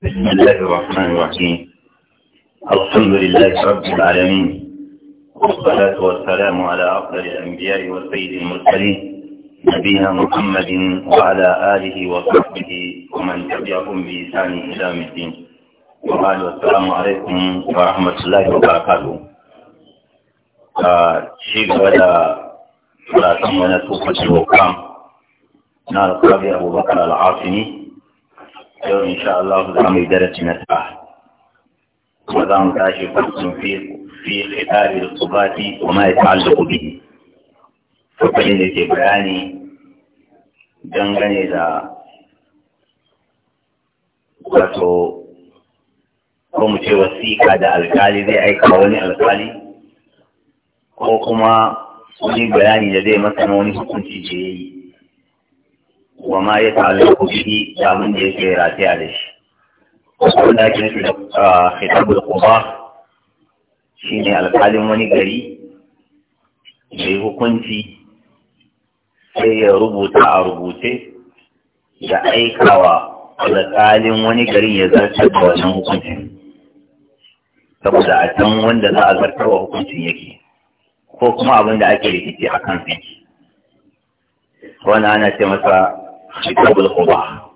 بسم الله الرحمن الرحيم الحمد لله رب العالمين والصلاة والسلام على أفضل الأنبياء والسيد المرسلين نبينا محمد وعلى آله وصحبه ومن تبعهم بإحسان إلى يوم الدين وبعد والسلام عليكم ورحمة الله وبركاته شيخ بدأ صلاة من سوق الحكام نال أبو بكر العاصمي yau insha Allah za mu yi darasi na ta kuma za mu tashi fasin fi khitabi da tsubati wa ma ya da kuɗi. kwakwalin da ke bayani dangane da wato ko mu ce wasiƙa da alkali zai aika wani alkali ko kuma wani bayani da zai masa na wani hukunci ce yi wa ma ya ku bihi da abin da yake rafiya da shi wannan ake nufi da khitabul quba shine alƙalin wani gari mai hukunci sai ya rubuta a rubuce ya aikawa alƙalin wani garin ya zartar da wannan hukuncin saboda a can wanda za a wa hukuncin yake ko kuma abin da ake rikici a kan fiki wani ana ce masa kitabul quba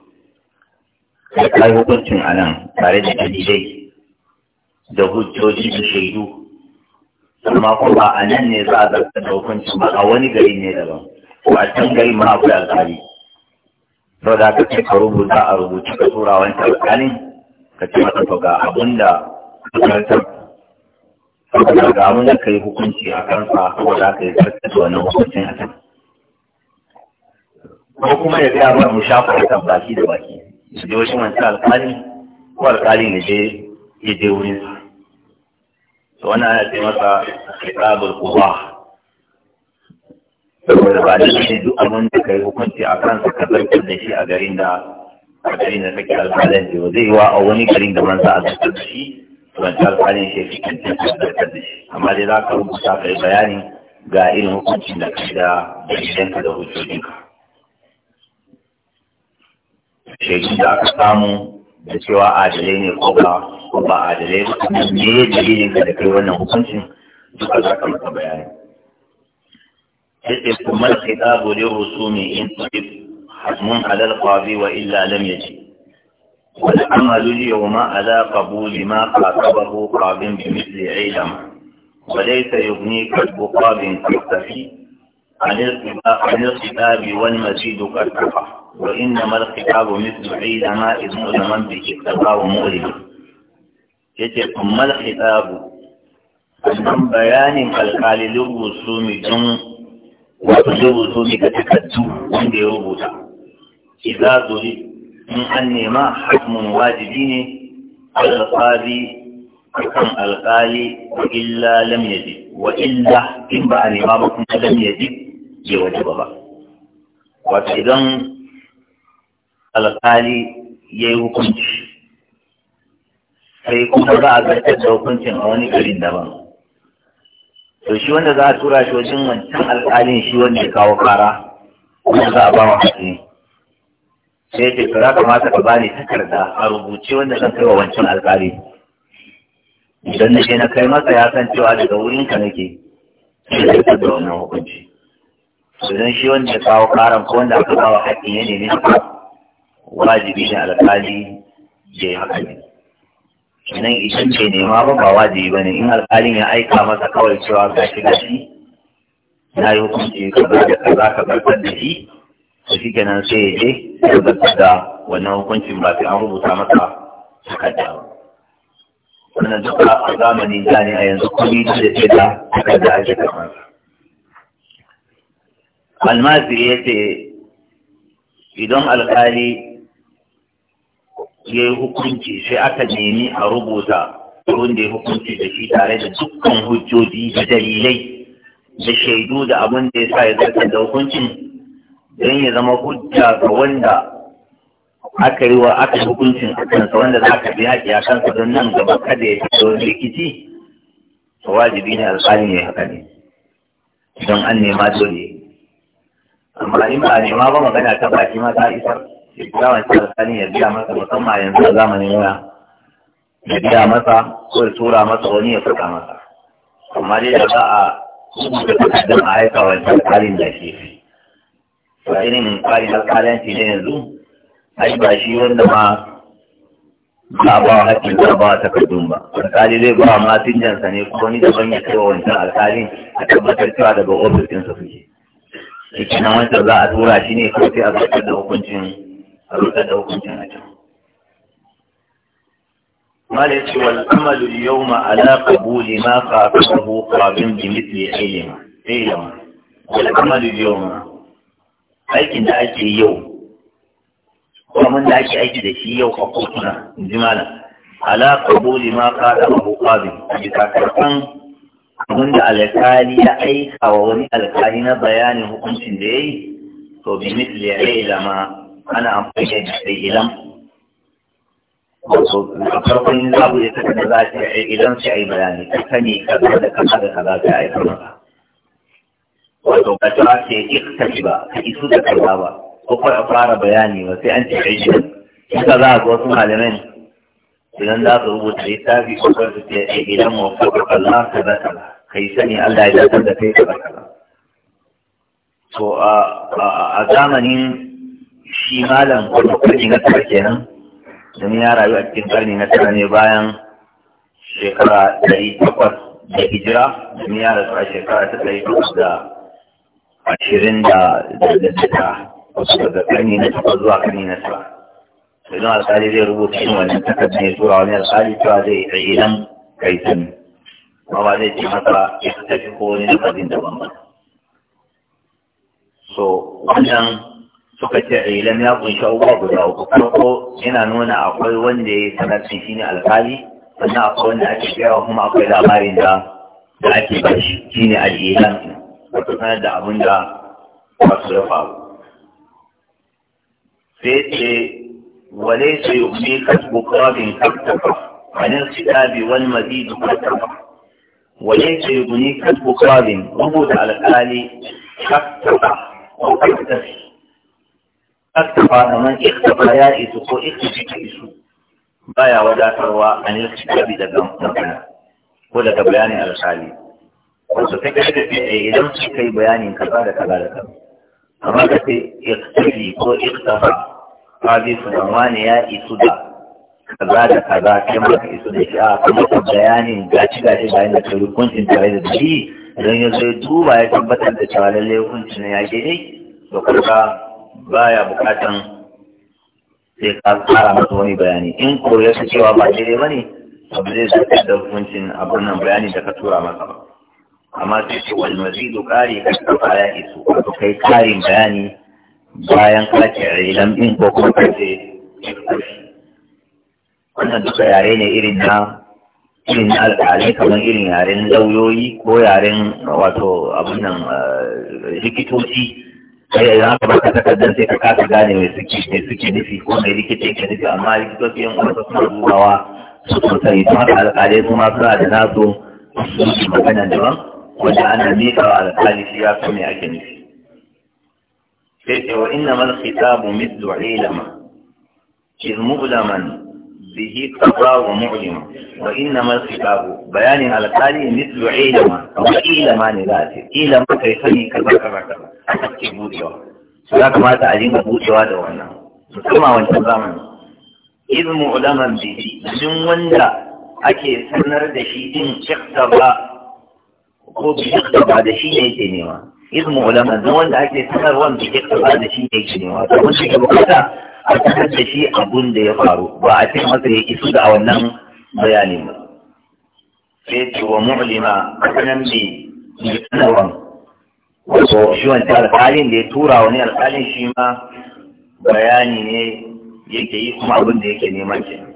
da kai hukuncin anan tare da dalilai da hujjoji da shaidu amma kuma a nan ne za a zarta da hukuncin ba a wani gari ne daban ko a can gari ma akwai alƙali sau da ka ce ka rubuta a rubuta ka tura wani alƙalin ka ce masa ga abun da karantar saboda ga abin da ka yi hukunci a kansa za ka yi zarta da wannan hukuncin a kansa ko kuma ya gaya mana mu shafa kan baki da baki su je wasu wancan alƙali ko alƙali ne je ya je wurin to wani ana ce masa kitabul quwa saboda ba da shi duk abin da kai hukunci a kansa ka zartar da shi a garin da a garin da kake alƙalin da zai yi wa a wani garin da man sa a zartar da shi wancan wani shi fi kan zartar da shi amma dai za ka rubuta ka yi bayani ga irin hukuncin da kai da gidanka da hujjojinka shaidun da aka samu da cewa adalai ne ko ba ba adalai ba ne ya dalilin da kai wannan hukuncin duk a zaka maka bayani hisbu man hisabu li rusumi in tib hasmun halar al wa illa lam yaji wal amalu a yawma ala qabuli ma qatabahu qabin bi mithli ilam وليس يغنيك البقاء من تستفيد عن الخطاب والمزيد قد كفى وإنما الخطاب مثل حينما إذ مؤلما به اقتفى ومؤلما yace kummal hitabu annan bayanin alƙalilin rusumi don wato rusumi ga takaddu wanda ya rubuta idza zuri in an nema hukumun wajibi ne alƙali kan alƙali wa illa lam yaji wa illa in a nema je wajaba ba wato idan alƙali ya yi hukunci sai kuma za a zartar da hukuncin a wani garin daban to shi wanda za a tura shi wajen wancan alƙalin shi wanda ya kawo kara kuma za a ba wa hatsi sai ce to ya kamata ka bani takarda a rubuce wanda zan kai wa wancan alƙali idan na je na kai masa ya san cewa daga wurinka nake sai zartar da wannan hukunci sosan shi wanda ya kawo karan ko wanda aka kawo haƙƙin ya nemi wajibi ne alƙali ya yi haƙƙi ne sannan idan bai nema ba ba wajibi ba ne in alƙalin ya aika masa kawai cewa ga gashi na yi hukunci ba da ka za ka barkar da shi to shi kenan sai ya je ya barkar da wannan hukuncin ba sai an rubuta masa takarda ba wannan duka a zamanin jani a yanzu kuɗi da ce da takarda ake kamar Almasi ya ce idan alkali ya yi hukunci sai aka nemi a rubuta wurin da ya hukunci da shi tare da dukkan hujjoji da dalilai da shaidu da abin da ya sa ya zarta da hukuncin don ya zama hujja ga wanda aka yi wa aka hukuncin a kansa wanda za ka biya a kansa don nan gaba kada ya fito rikici wajibi ne alƙalin ya yi haka ne don an nema dole amma in ba nema ba magana ta baki ma ta isar shi zawon tsarkani ya biya masa musamman yanzu a zamanin yana ya biya masa ko ya tura masa wani ya fuka masa amma dai da za a da takardar a aika wa tsarkanin da shi fi to irin tsarin alƙalanci ne yanzu ai ba shi wanda ma ba ba hakkin ba ba takardun ba alƙali zai ba ma tinjansa ne ko ni daban ya kai wa wancan alƙalin a tabbatar cewa daga ofis ɗinsa suke shi wancan za a tura shi ne kawai a zartar da hukuncin a zartar da hukuncin a can mala yace wal amalu yawma ala qabuli ma fa'alahu qabin bi mithli ilma ilma wal amalu ma aikin da ake yau kuma mun da ake aiki da shi yau a kotuna in ji malam ala qabuli ma fa'alahu qabin bi ka karban da alƙali ya aika wa wani alƙali na bayanin hukuncin da ya yi to bi misli ya zama ana amfani da ilam wato a farkon zabu ya saka da za ta yi idan sai a yi bayani ta ka kaza da kaza da kaza ta yi ba. wato ka ta ce iktashi ba ka isu da kaza ba ko kawai a fara bayani ba sai an ce aiki ka za a zo wasu malamai idan za ka rubuta littafi ko su rubuta a idan mu ko ka kalla ka kai sani Allah ya dace da kai ka ba to a zamanin shi malam ko kwanin na tara kenan domin ya rayu a cikin karni na tara ne bayan shekara ɗari takwas da hijira domin ya rasu a shekara ta ɗari takwas da ashirin da da da da da karni na da zuwa karni na da idan alkali zai rubuta yin wannan takardar ya tura wani alkali cewa zai yi idan kai sani ba zai ce masa ya tafi ko wani lafazin daban ba so wannan suka ce ilan ya kunshi abubuwa guda uku farko yana nuna akwai wanda ya sanar shi ne alkali sannan akwai wanda ake kira kuma akwai labarin da da ake ba shi shi ne al'ilan wato sanar da abin da ba su ya faru sai ce وليس يؤذيك بقراب تكتفى عن الكتاب والمزيد تكتفى وليس يغنيك بقراب وجود على الآلي تكتفى وتكتفي اكتفى من اختفى يائس ko اختفى يائس baya wadatarwa an yi kitabi daga magana ko daga bayanin alƙali wasu ta kashe fiye idan suka yi bayanin kaza da kaza da ka ko ikhtafa sabi su wani ya isu da kaza da kaza kai ma isu da shi a kuma ka bayanin gaci gaci bayan da ka hukuncin tare da shi idan ya zai duba ya tabbatar da cewa lallai hukuncin ya ke ne kuka ba baya bukatan sai ka tsara masa wani bayani in ko ya su cewa ba daidai ba ne abu zai zartar da hukuncin abin nan bayani da ka tura masa ba amma sai ce wani mazidu kari ka kafa ya isu wato kai karin bayani bayan a ilam din ko kuma kace wannan duka yare ne irin na irin na alƙalai kamar irin yaren lauyoyi ko yaren wato abin nan eh, likitoci sai eh, haka ba baka takardar sai ka kasa gane mai suke mai suke nufi ko mai likita yake nufi amma likitoci yan uwansa suna dubawa su sosai don haka alƙalai su ma suna da nasu su magana daban wanda ana miƙa alƙali shi ya san me ake nufi sai wa inna mal khitabu mithlu ilama iz mu'laman bihi qada wa mu'lima wa inna mal khitabu bayanin alqali mithlu ilama wa ilama ne za ce ilama kai sani kaza kaza kaza ake budewa su ya kamata a dinga budewa da wannan musamman wancan zamani iz mu'laman bihi wanda ake sanar da shi ba ko ba da ne yake nema iz ulama don wanda ake sanar wanda ke kaba da shi ne shi ne wato mun shiga bukata a sanar da shi abun da ya faru ba a ce masa ya isu da wannan bayanin ba sai ce wa mu'lima kasanan bi bi sanarwan wato shi wancan alƙalin da ya tura wani alƙalin shi ma bayani ne yake yi kuma abin da yake neman kenan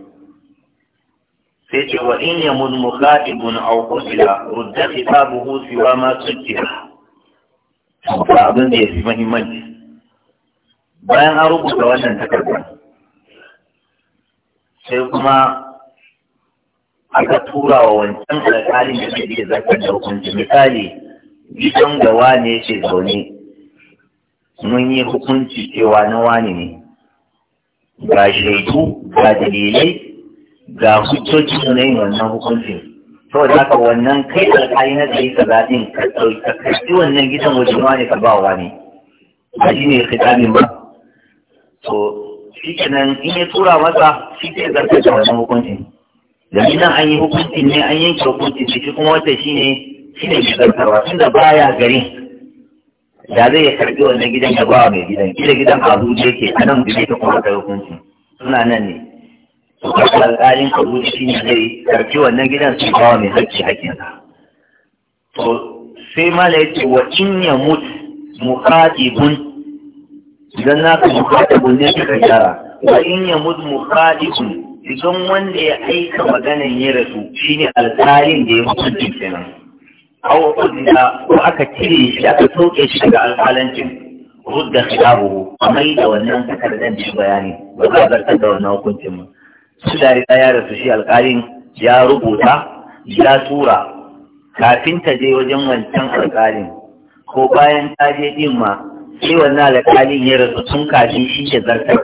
sai ce wa in yamun mukhatibun aw qutila rudda khitabuhu siwa ma sujjira ba abin da ya fi mahimmanci bayan an rubuta wannan takarda sai kuma aka tura wa wancan alƙalin da zai iya zartar da hukunci misali gidan da wane ce zaune mun yi hukunci cewa na wane ne ga shaidu ga dalilai ga hujjoji na yin wannan hukuncin da ka wannan kai alƙali na gari ka zaɓin ka ɗauki wannan gidan wajen wani ka ba wa ne ba shi ne kitamin ba to shi kenan in ya tura masa shi ke zartar da wannan Da domin nan an yi hukunci ne an yanke hukuncin ciki kuma wata shi ne shi ne mai zartarwa tunda baya garin da zai ya karbi wannan gidan ya wa mai gidan gidan gidan da yake a nan gida ta kuma ta hukunci suna nan ne su karɓi alƙalin kabuli shi ne zai karɓi wannan gidan su bawa mai hakki hakkinsa to sai mala yace wa in ya mutu muqatibun idan na ka muqatibun ne ka gyara wa in ya mutu muqatibun idan wanda ya aika maganan ya rasu shine alƙalin da ya mutunta kenan aw udda ko aka cire shi aka sauke shi daga alƙalancin rudda khilabuhu amma da wannan takardar da bayani ba za a zartar da wannan hukuncin mu su da riga ya shi alƙalin ya rubuta ya tura kafin ta je wajen wancan alƙalin ko bayan ta je din ma sai wannan alƙalin ya rasu tun kafin shi ke zartar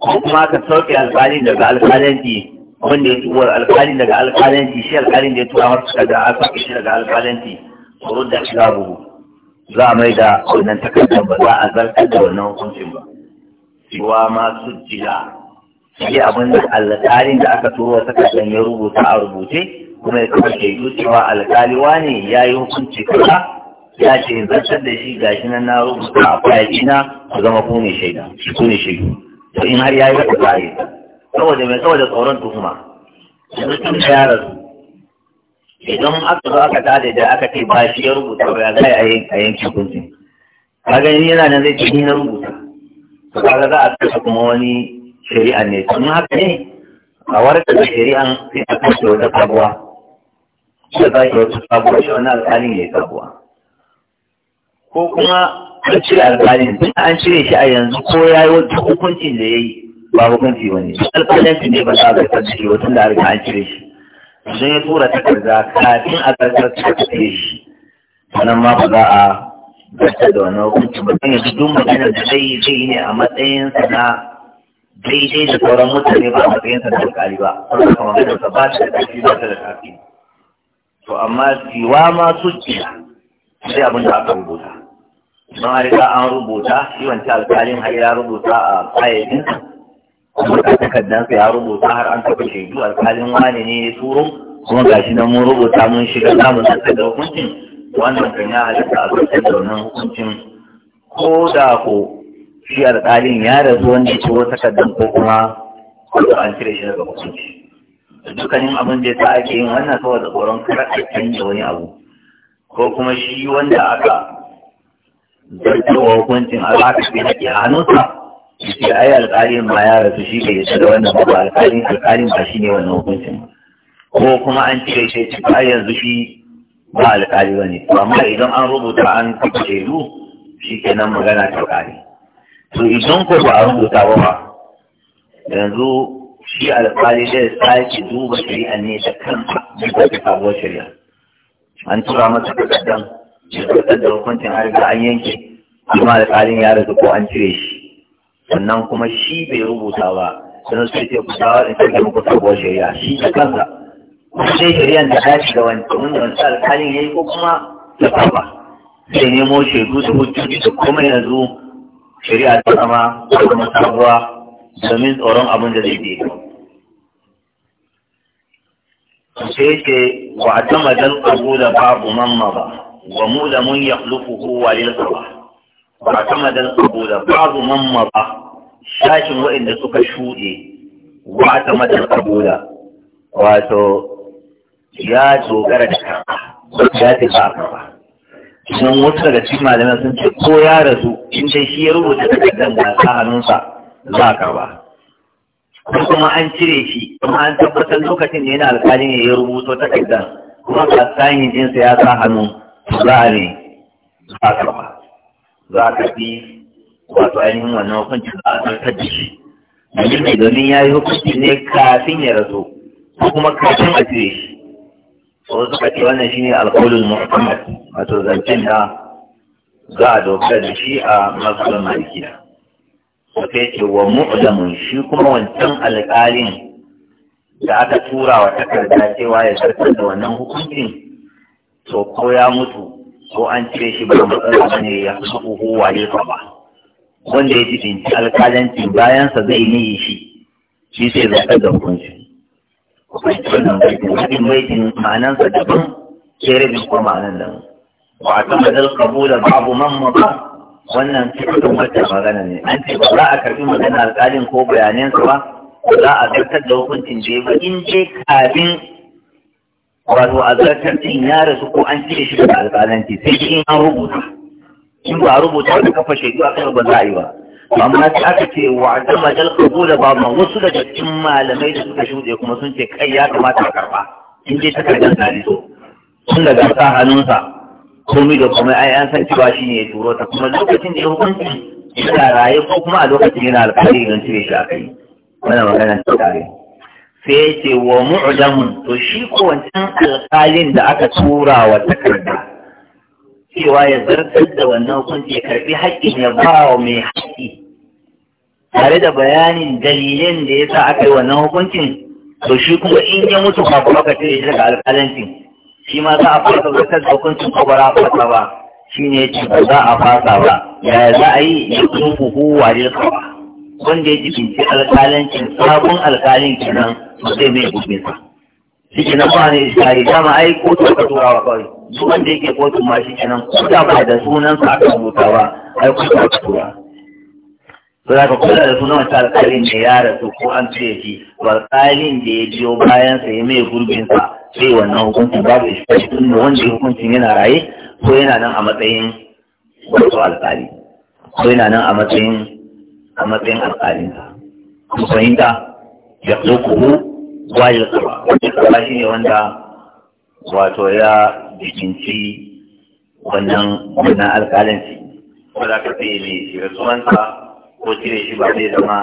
ko kuma ka sauke alƙalin daga ji wanda ya tura alƙalin daga ji shi alƙalin da ya tura masu a alƙalin shi daga ji tsoro da shi za a mai da wannan takardar ba za a zartar da wannan hukuncin ba cewa ma su jira shi abin da alƙalin da aka turo takardar ya rubuta a rubuce kuma ya ke shaidu cewa alƙali wane ya yi hukunci kaza ya ce in zartar da shi gashi nan na rubuta a kwayakina ku zama ku ne shaida ku ne shaidu to in har ya yi haka zai saboda mai saboda tsoron tuhuma yanzu tun da ya rasu idan aka zo aka tada da aka ce ba shi ya rubuta ba ya zai a yankin hukunci kaga ni yana nan zai ce ni na rubuta to kaga za a kasa kuma wani shari'a ne sun haka ne a warkar da shari'an sai a kashe wata sabuwa da za ki wata sabuwa shi wani alƙalin ya yi sabuwa ko kuma an cire alƙalin tun an cire shi a yanzu ko ya yi wata hukuncin da ya yi ba hukunci wani ne su ne ba za a zartar da shi ba tun da an cire shi sun ya tura takarda kafin a zartar da shi sannan ma ba za a zartar da wani hukunci ba sun yanzu duk maganar da zai yi zai yi ne a matsayinsa na daidai da sauran mutane ba a matsayinsa da alƙali ba kuma kuma maganarsa ba shi da ƙarfi ba da ƙarfi to amma siwa ma sujjiya sai abin da aka rubuta don a riga an rubuta shi wancan alƙalin har ya rubuta a kayayyakin kuma ka takardansa ya rubuta har an taɓa shaidu alƙalin wane ne ya turo kuma ga shi nan mun rubuta mun shiga namun tattar da hukuncin wannan kan ya halitta a tattar da wannan hukuncin ko da ko shi alƙalin ya rasu wanda ya ciro kaddan ko kuma wanda an cire shi daga musulunci dukkanin abin da ya ake yin wannan saboda tsoron kar a canza wani abu ko kuma shi wanda aka zartarwa hukuncin Allah ka fi haƙi a hannunsa shi ai alƙalin ma ya rasu shi ke yadda da wannan ba alƙalin alƙalin ba shi ne wannan hukuncin ko kuma an cire shi ci ba yanzu shi ba alƙali ba ne amma idan an rubuta an kafa shaidu shi kenan magana ta ƙare to idan ko ba a rubuta ba ba yanzu shi alƙali zai sake duba shari'a ne da kansa jikar da sabuwar shari'a an tura masa takaddan takaddan da hukuncin an riga an yanke amma alƙalin ya rasu ko an cire shi sannan kuma shi bai rubuta ba sannan sai ce ku dawo da take muku sabuwar shari'a shi da kansa sai shari'an da ta shiga wancan wanda alƙalin ya yi ko kuma ta ba sai nemo shaidu da hujjoji da kuma yanzu shari'a ta zama kuma sabuwa domin tsoron abin da zai biyu sai ce ku a tama ƙabu da babu mamma ba wa mu da mun yi lufu kowa lilka ba Ku a tama ƙabu da babu mamma ba shashin waɗanda suka shuɗe wa a tama ƙabu da wato ya dogara da kanka ya ba a kanka don wasu daga cikin malamai sun ce ko ya rasu in dai shi ya rubuta takardar da a hannunsa za a karba ko kuma an cire shi kuma an tabbatar lokacin da yana alƙalin ne ya rubuto takardar kuma ka sayin jinsa ya sa hannu za a ne za a karba za a karbi wato ainihin wannan hukuncin za a tsarkar da shi domin ya yi hukunci ne kafin ya rasu ko kuma kafin a cire shi wasu suka ce wannan shi ne alqaulul muhammad wato zancen da za a dokar da shi a mazhabin malikiya wata yake wa mu'damun shi kuma wancan alkalin da aka tura wa takarda cewa ya sarkar da wannan hukuncin to ko ya mutu ko an cire shi ba matsala ba ne ya haƙuhu waye ka ba wanda ya ji alƙalancin bayansa zai niyi shi shi sai zartar da hukunci. wannan baitin wannan baitin ma'anansa daban sai rabin kuma ma'anan da wa a kan badal kabula babu man maka wannan cikin wata magana ne an ce ba za a karbi magana alƙalin ko bayanansa ba za a zartar da hukuncin da ba in je kafin wato a zartar din ya su ko an cire shi daga alƙalanci sai in an rubuta in ba a rubuta da kafa shaidu a kan ba za a yi ba amma sai aka ce wa da majal kabula ba ma wasu daga cikin malamai da suka shuɗe kuma sun ce kai ya kamata a karɓa in dai ta takardar tsari sun daga sa hannunsa komai da komai ai an san cewa shi ne ya turo ta kuma lokacin da ya hukunci yana raye ko kuma a lokacin yana alfahari don cire shi a kai wannan magana ta tare sai ya ce wa mu'damun to shi ko wancan alkalin da aka tura wa takarda cewa ya zartar da wannan hukunci ya karbi haƙƙin ya ba wa mai tare da bayanin dalilin da ya sa aka yi wannan hukuncin to shi kuma in ya mutu ba kuma ka cire shi daga alƙalancin shi ma za a fasa ba kan hukuncin ko ba za a fasa ba shi ne ce ba za a fasa ba yaya za a yi ya kuma huhu ware kawa wanda ya binci alƙalancin sabon alƙalin kenan ba zai mai gudunsa shi kenan ba ne iskari dama ai kotu ka tura wa kawai duk wanda yake kotun ma shi kenan ko da ba da sunan sa aka rubuta ba ai kotu ka tura to za ka kula da sunan wancan alƙalin da ya rasu ko an ce shi alƙalin da ya biyo bayan sa ya mai gurbin sa sai wannan hukuncin babu shi da wanda hukuncin yana raye ko yana nan a matsayin wato alƙali ko yana nan a matsayin a matsayin alƙalin sa ku fahimta ya kuku wajil kaba wajil kaba shi ne wanda wato ya jikinci wannan wannan alƙalanci ko za ka tsaye ne shi rasuwansa ko cire shi ba zai zama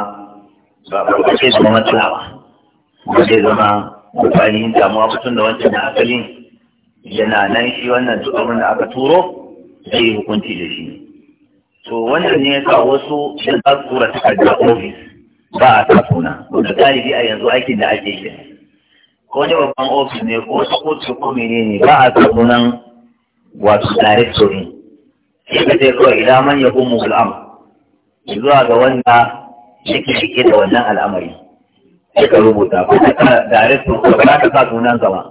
ba ba zama matsala ba ba zai zama amfani damuwa mutum da wancan na asali yana nan shi wannan duk abin da aka turo zai yi hukunci da shi to wannan ne ya sa wasu sun za su tura takardar ofis ba a sa suna wanda galibi a yanzu aikin da ake yi ko ne babban ofis ne ko wata kotu ko menene ba a sa sunan wato directory sai ka ce kawai idan man ya gumu al'amur zuwa ga wanda yake rike da wannan al'amari sai ka rubuta ko ka director ko ba ka sa sunan sa ba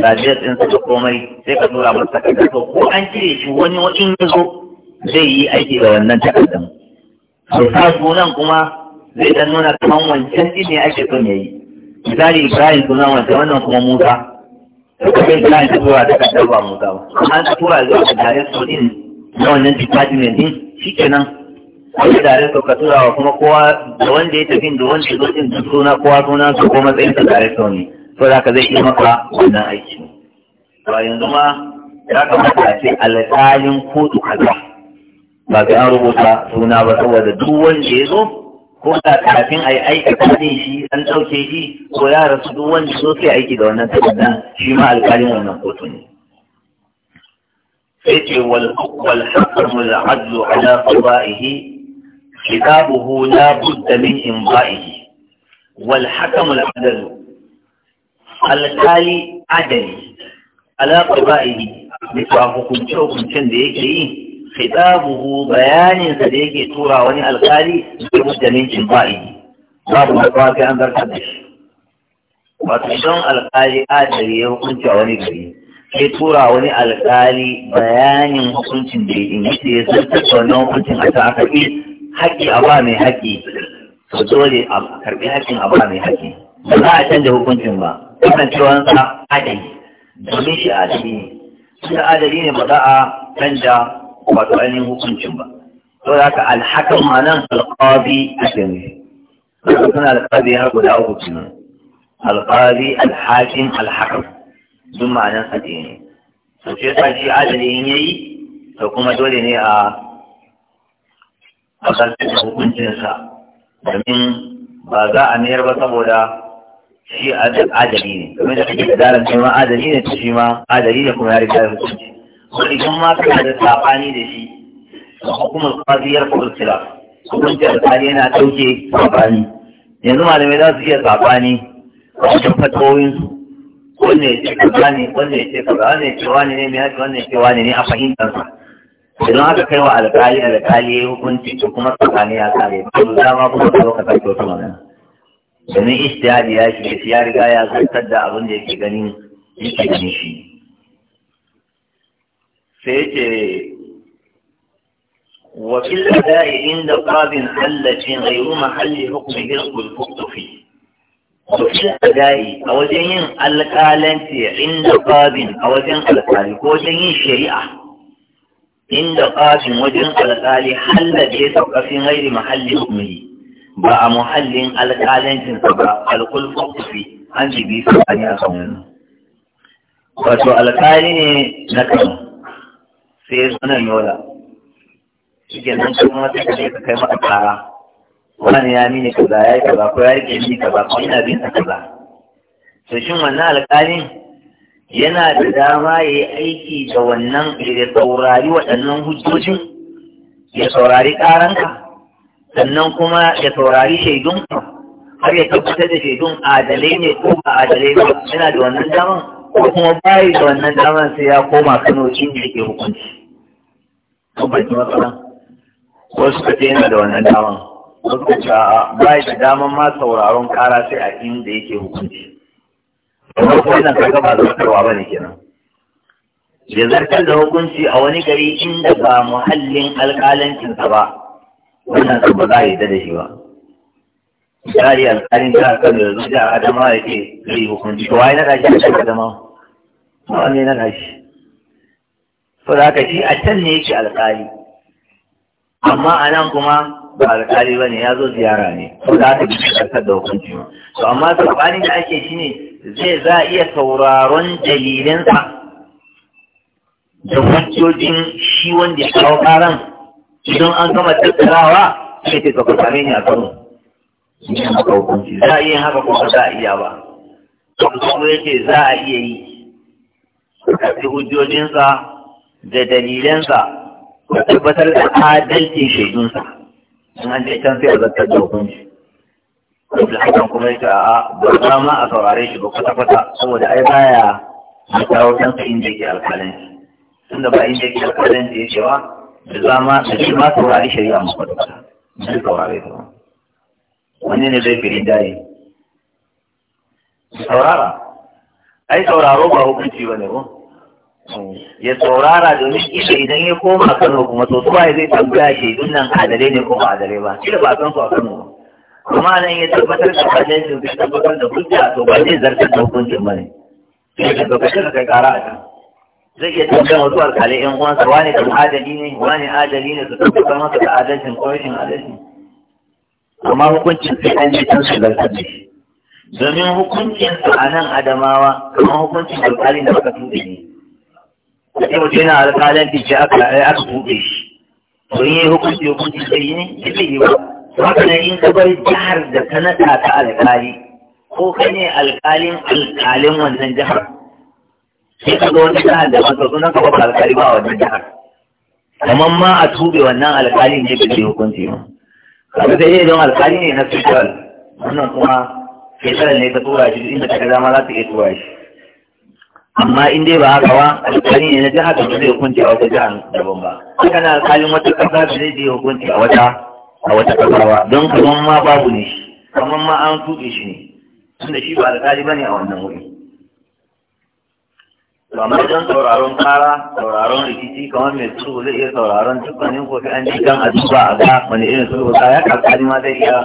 da jet din ko komai sai ka tura masa takarda to ko an cire shi wani wani yazo zai yi aiki da wannan takardan to sa sunan kuma zai dan nuna kaman wancan din ne ake son yayi misali Ibrahim sunan wancan wannan kuma Musa ko kai Ibrahim ta tura takardar ba Musa ba an tura zuwa ga director din na wannan department din shikenan wani tare ka tura wa kuma kowa da wanda ya tafi da wanda ya zoce da suna kowa suna su ko matsayin ka tare ta wani, to za ka zai yi maka wannan aiki ba yanzu ma ya kamata a ce alƙalin kotu kaza ba sai an rubuta suna ba saboda duk wanda ya zo ko da kafin a yi ta din shi an ɗauke shi ko ya rasu duk wanda zo sai aiki da wannan takarda shi ma alƙalin wannan kotu ne sai ce wal haqqu al adlu ala خطابه لا بد من إنبائه والحكم العدل الكالي عدل على قبائه متوافق شوق كان ديكي خطابه بيان سديكي تورا وني الكالي لا بد من إنبائه باب مطاقي عن ذلك الدش وتشون عدل يوقن شعوني بريه ke tura wani alƙali bayanin hukuncin da ya yi da ya zartar da wannan hukuncin a ta aka haƙƙi a ba mai haƙƙi to dole a karɓi haƙƙin a ba mai haƙƙi ba za a canja hukuncin ba kasancewar sa adali domin shi adali ne shi adali ne ba za a canja wato ainihin hukuncin ba to da haka alhakan ma nan alƙazi a cikin suna alƙazi har guda uku kenan alƙazi alhakin alhakan duk ma'anan sa ne to shi yasa shi adali in yayi to kuma dole ne a a zartar da hukuncinsa domin ba za a niyar ba saboda shi ajali ne domin da kake da daren ma adali ne ta shi ma ajali ne kuma ya riga ya hukunci ko idan ma kana da sabani da shi to hukumar qadiyar hukunci, da tsari yana ɗauke sabani yanzu malamai za su iya sabani a wajen su wanne ya ce kaza ne wanne ya ce kaza wanne ya ce wani ne mai haka wanne ya ce wani ne a sa idan aka kai wa alƙali alƙali ya yi hukunci to kuma tsakani ya kare to dama kuma ka zo ka sake wata magana domin ishtihadi ya shige shi ya riga ya zartar da abin da yake ganin yake ganin shi sai yake وفي الأداء عند قاض حلة غير محل حكمه الخلق فيه وفي الأداء أو جين القالنتي عند قاض أو جين القالي كو جين شريعة inda ƙafin wajen alƙali hallaje ta ƙafin hairi mahallin hukumi ba a muhallin alƙalancinsa ba alƙulfin kufi an jibi su a yi a kan wato alƙali ne na kan sai suna yola shi ke nan kuma ta kashe ka kai maka tsara wani ya mini kaza ya yi kaza ko ya rike mini kaza ko ina bin kaza to shin wannan alƙalin yana da dama ya yi aiki da wannan ya saurari waɗannan hujjojin ya saurari ƙaranka sannan kuma ya saurari shaidun? har ya tabbatar da shaidun adalai ne ko ba adalai ba yana da wannan daman ko kuma bayi da wannan daman sai ya koma kano da yake hukunci wasu kace yana da wannan daman wasu kace a bayi da daman ma sauraron ƙara sai a inda yake hukunci kuma wannan kaga ba zartarwa bane kenan ya zartar da hukunci a wani gari inda ba muhallin alƙalancinsa ba wannan ba za a yi da shi ba misali alƙalin ta kano ya zo jihar adama ya ce zai hukunci to wai na kashi a kan adama ba ne na kashi to da haka shi a can ne yake alƙali amma a nan kuma ba alƙali ba ne ya zo ziyara ne Ko da haka bi zartar da hukunci ba? to amma sabanin da ake shi ne zai za iya sauraron dalilinsa da hujjojin shi wanda ya kawo karan idan an gama tattarawa sai ta kafa same ni a kano za a iya haka kuma za a iya ba kuma yake za a iya yi karfi hujjojinsa da dalilinsa da tabbatar da adalcin shaidunsa in an je can sai a zartar da hukunci da hakan kuma yake a ba za ma a saurare shi ba kwata-kwata saboda ai baya ya kawo kansa inda yake alƙalin tunda ba inda yake alƙalin ya ce ba da za ma da shi ma saurare shari'a ma kwata-kwata zai saurare ta wani ne zai firin dare saurara ai sauraro ba hukunci ba ne ko ya saurara domin ita idan ya koma kano kuma to su zai tambaya shi nan adalai ne ko ba adalai ba shi da ba san su a kano ba Kuma nan ya tabbatar da kwanne su bai tabbatar da hujja to ba zai zartar da hukuncin ba ne sai ka tabbatar da kai kara a can zai iya tambayar wasu alƙalai ƴan uwansa wani kan adali ne wani adali ne su tabbatar masa da adalcin ko rashin adalci amma hukuncin sai an yi tun su zartar da domin hukuncin su a nan adamawa kuma hukuncin alƙalin da baka tuɗe ne sai mutum yana alƙalanci ce aka tuɗe shi to yi hukunci hukunci zai yi ne zai yi ba haka nan in ka bar jihar da ta nata ta alƙali ko ka ne alƙalin alƙalin wannan jihar sai ka ga wani jihar da masu sunan ka baka alƙali ba a wannan jihar kamar ma a tube wannan alƙalin ne bai hukunci ba kaga sai dai don alƙali ne na federal wannan kuma federal ne ta tura shi inda ta ga dama za ta iya tura shi amma in dai ba haka ba alƙali ne na jihar da zai hukunci a wata jihar daban ba haka na alƙalin wata ƙasa da zai je hukunci a wata a wata kasawa don kaman ma babu ne shi kaman ma an tuɗe shi ne tunda shi ba da ba ne a wannan wuri kamar don sauraron kara sauraron rikici kamar mai sulhu zai iya sauraron dukkanin kofi an ji kan a duba a ga wani irin sulhu ta ya kakari ma zai iya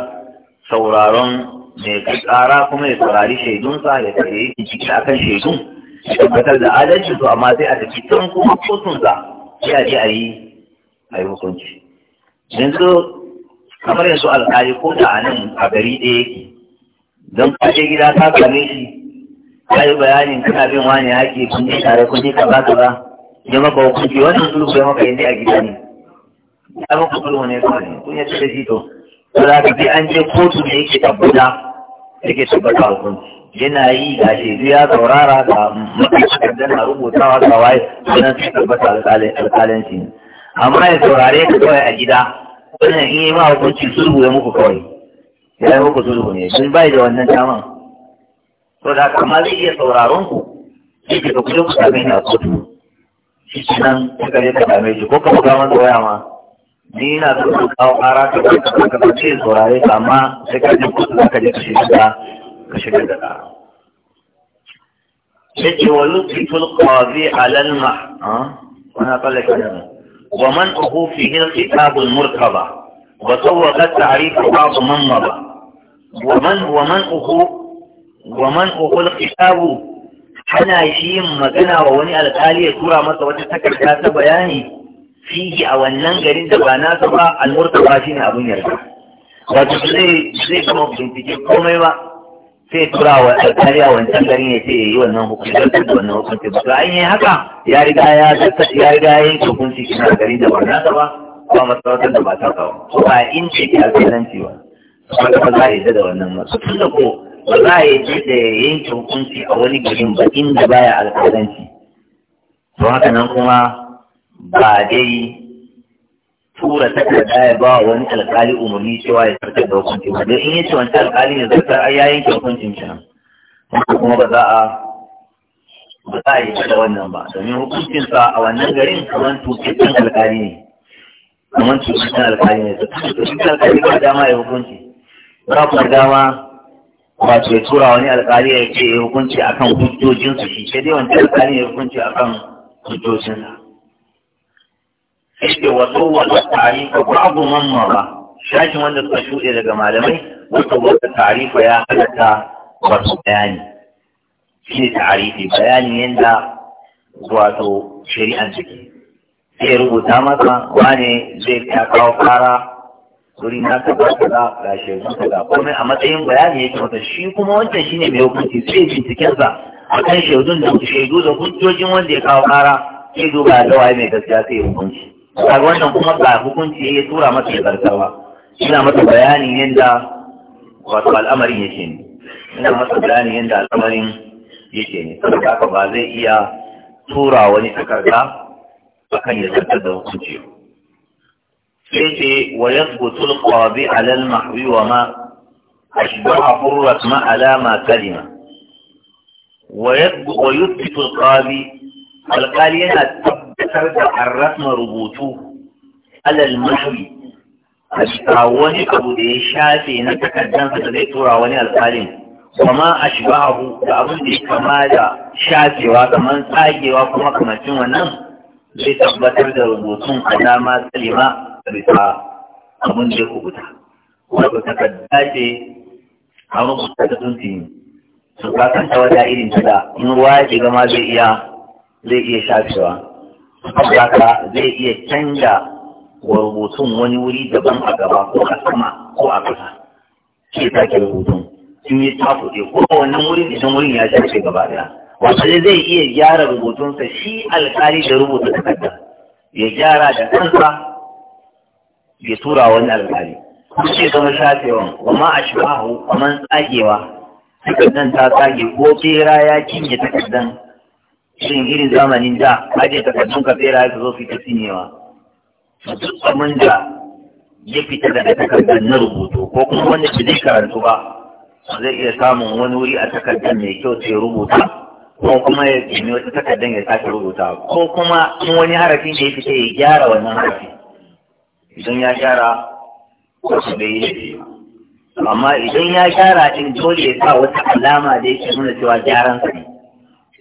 sauraron mai kara kuma ya saurari shaidunsa ya tsaye ciki a kan shaidun ya tabbatar da adalci su, amma sai a tafi can kuma kotunsa sai a je a yi a yi hukunci yanzu kamar yanzu alƙali ko da anan a gari ɗaya yake don ka gida ka same shi ka yi bayanin kana bin wani haƙi kun je tare kun je kaza kaza ya maka hukunci wannan sulhu ya maka yanzu a gida ne ya maka sulhu ne kawai kun ya cika jito to za ka bi an je kotu ne yake tabbata yake tabbata hukunci yana yi ga shaidu ya saurara ga makashi dana rubutawa ga waye wannan sai tabbata alƙalanci amma ya saurare ka kawai a gida wannan in yi ma hukunci sulhu ya muku kawai ya yi muku sulhu ne sun bai da wannan daman to da haka ma zai iya sauraron ku sai ka kuje ku same ni a kotu shi ke nan kuka je ka same shi ko ka buga masa waya ma ni na so su kawo ƙara ka kai ka ka ce saurare ka amma sai ka je kotu za ka je ka shiga da ka shiga da ƙara. Sai ce wa lutsitul qazi alal ma. Wani akwai lafiya ne ومنعه فيه الخطاب المركبة وسوغت تعريف بعض من مضى ومن ومنعه ومنعه الخطاب hana shi yin magana wa wani alƙali ya tura masa wata takarda ta bayani fiye a wannan garin da ba nasa ba almurtaba shi ne abin yarda wato zai zai kama bincike komai ba sai tura wa tsakariya wancan gari ne sai yi wannan hukunci da wannan hukunci ba to an yi haka ya riga ya zata ya riga ya yi hukunci kina gari da wannan ta ba ba masarautar da ba ta ba. ko ba in ce ki alkalanci ba ba ba za a yi da wannan ba tun da ko ba za a yi da yanke hukunci a wani garin ba inda baya alkalanci to haka nan kuma ba dai tura takarda ya ba wani alkali umarni cewa ya sarkar da hukunci ba. don in yi ce wancan alkali ne zartar a yayin ke hukuncin kenan kuma ba za a ba za a yi da wannan ba domin sa a wannan garin kamar tukakken alkali ne kamar tukakken alkali ne tukakken alkali ba dama ya hukunci ba kuma dama ba ce tura wani alkali ya ce ya hukunci akan hujjojinsu shi sai dai wancan alkali ya hukunci akan hujjojinsa yake wasu wata tarifa babu mamma ba shashin wanda suka shuɗe daga malamai wasu wata tarifa ya halatta wasu bayani shi ne tarifi bayanin yadda wato shari'an ciki. sai rubuta masa wane zai ta kawo fara wuri na ta ba ka ga shaidu ka ga komai a matsayin bayani yake mata shi kuma wancan shine mai hukunci sai bincikensa a kan shaidun da shaidu da hujjojin wanda ya kawo fara sai duba da waye mai gaskiya sai hukunci ga wannan kuma ba hukunci ya tura masa ya zartar ba ina masa bayanin yadda wato al'amarin yake ne ina masa bayani yadda al'amarin yake ne saboda haka ba zai iya tura wani takarda kan ya zartar da hukunci sai ce wa ya qabi ala alal mahwi wa ma ashbaha qurrat ma ala ma kalima wa ya al-qabi alkali yana tabbatar da arrasma rubutu alal mahwi a wani abu da ya shafe na takaddansa da zai tura wani alfalin, kuma a shiga abu da abin da ya kama da shafewa kamar tsagewa kuma kamacin wannan zai tabbatar da rubutun alama kalima bisa abin da ya kubuta wato takadda ce a rubuta ta tuntuni su kakanta wata irin ta da in ruwa ya shiga ma zai iya zai iya shafewa haka zai iya canja wa rubutun wani wuri daban a gaba ko a sama ko a ƙasa ke sake rubutun in yi tafuɗe ko a wannan wurin idan wurin ya shafe gaba ɗaya wato zai iya gyara rubutunsa shi alƙali da rubuta takarda ya gyara da kansa ya tura wani alƙali ko ce zama shafewan a shi a hu kuma tsagewa takardan ta tsage ko bera ya cinye takardan irin irin zamanin da ake takardun ka tsera ya zo su ta cinyewa duk abin da ya fita daga takardar na rubutu ko kuma wanda ke zai karantu ba zai iya samun wani wuri a takardar mai kyau sai rubuta ko kuma ya nemi wata takardar ya sake rubuta ko kuma in wani harafi da ya fita ya gyara wannan harafi idan ya gyara wasu bai yi amma idan ya gyara din dole ya sa wata alama da yake nuna cewa gyaran sa ne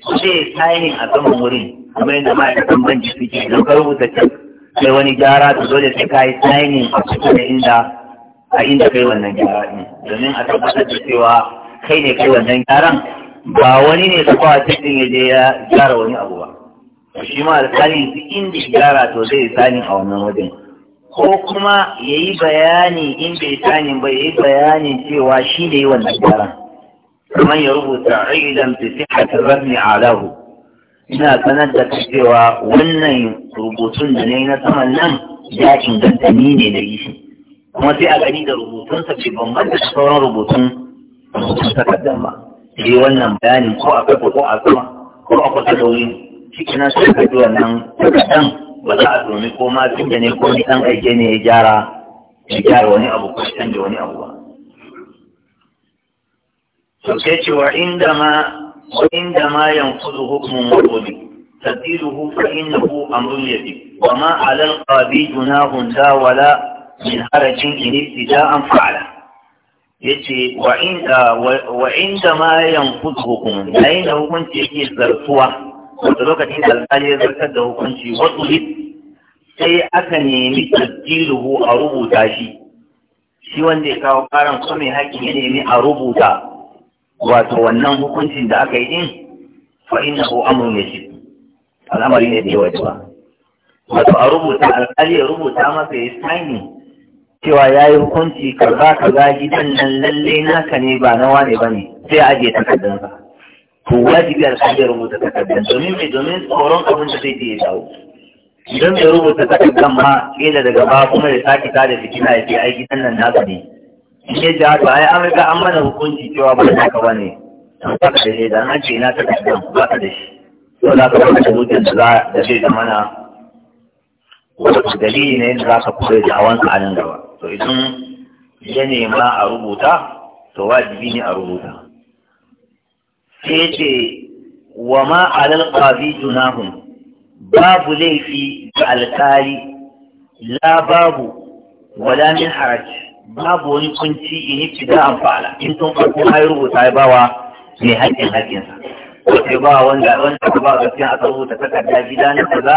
sai tayin a saman wurin kuma yadda ma'aikatan banki suke don karu rubuta can sai wani gyara ta dole sai ka yi tayin a cikin inda a inda kai wannan gyara ɗin domin a tabbatar da cewa kai ne kai wannan gyaran ba wani ne da kwa cikin ya je ya gyara wani abu ba shi ma alƙalin duk inda ya gyara to zai sani a wannan wajen ko kuma ya yi bayani in bai sanin ba ya yi bayanin cewa shi ne wannan gyaran kamar ya rubuta aidan fi sihhat rabni alahu ina sanar da kai cewa wannan rubutun da ne na saman nan ya inganta ni ne da yi kuma sai a gani da rubutunsa ke bambanta da sauran rubutun rubutun takardar ba sai wannan bayanin ko a kafa ko a sama ko a kwata da wuri shi kina sai ka ji wannan takardar ba za a domin ko ma tun da ne ko ni ɗan aike ne ya gyara ya gyara wani abu ko canja wani abu ba to sai ce wa inda ma wa inda ma تبديله فإنه أمر يدي وما على القاضي جناه لا ولا من حرج إن ابتداء فعلا yace wa inda wa inda ma da hukunci yake zartuwa wato lokacin da ya zartar da hukunci wato sai aka nemi tabdiluhu a rubuta shi shi wanda ya kawo karan ko haƙƙi ya nemi a rubuta wato wannan hukuncin da aka yi din fa innahu amrun yajib al'amari ne da ya wajaba wato a rubuta alƙali ya rubuta masa ya sani cewa ya yi hukunci kaza kaza gidan nan lalle naka ne ba na wane ba ne sai a ajiye takardunsa to wajibi alƙali ya rubuta takardun domin mai domin tsoron abin da zai ya dawo idan bai rubuta takardun ma kila daga ba kuma ya sake tada fitina ya ce ai gidan nan naka ne ya ji haka ai an riga an mana hukunci cewa ba da ka bane ba ka da shaida an ce na ta da ba ka da shi to da ka bada hujjar da za da zai da mana wata dalili ne da za ka kure da awansa a nan gaba to idan ya nema a rubuta to wajibi ne a rubuta sai ce wa ma alal qabi junahum babu laifi ga alkali la babu wala min haraji babu wani kunci in yi ci da amfana in sun farko na yi rubuta ya bawa mai haƙƙin haƙƙinsa ko sai ba wanda wanda ba gaskiya aka rubuta takarda gida na kaza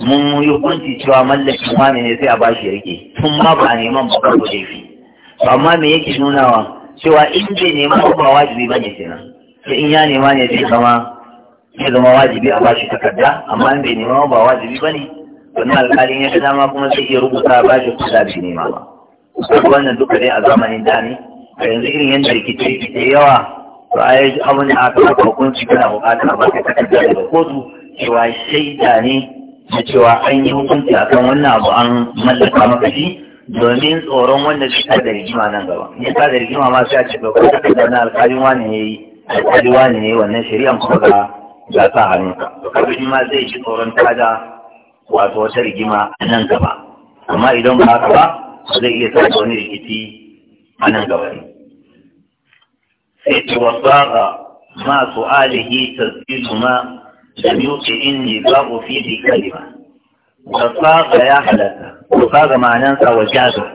mun yi hukunci cewa mallakin wani ne sai a bashi ya rike tun ma ba neman ba ko fi amma me yake nunawa cewa in bai nema ba wajibi ba ne kenan sai in ya nema ne zai zama zai zama wajibi a bashi takarda amma in bai nema ba wajibi ba ne wannan alƙalin ya ga dama kuma zai iya rubuta bashi kuɗa bai nema ba wannan duka dai a zamanin da ne a yanzu irin yadda rikice rikice yawa to a yi abu da aka saka hukunci kana bukata ba ka takarda daga kotu cewa shaida ne da cewa an yi hukunci akan wannan abu an mallaka maka shi domin tsoron wanda zai da rigima nan gaba Ni ta da rigima ma sai a ce ko ko da na alƙali wani ne alƙali wani ne wannan shari'an kuma ga ga sa hannunka to ma zai ji tsoron kada wato wata rigima nan gaba amma idan ba haka ba zai iya sa wani rikici a nan gaba ne sai wasu wasaga ma su'alihi tasbihu ma lam yuqin li ba'u fi bi kalima wasaga ya halatta wasaga ma'anansa wajaza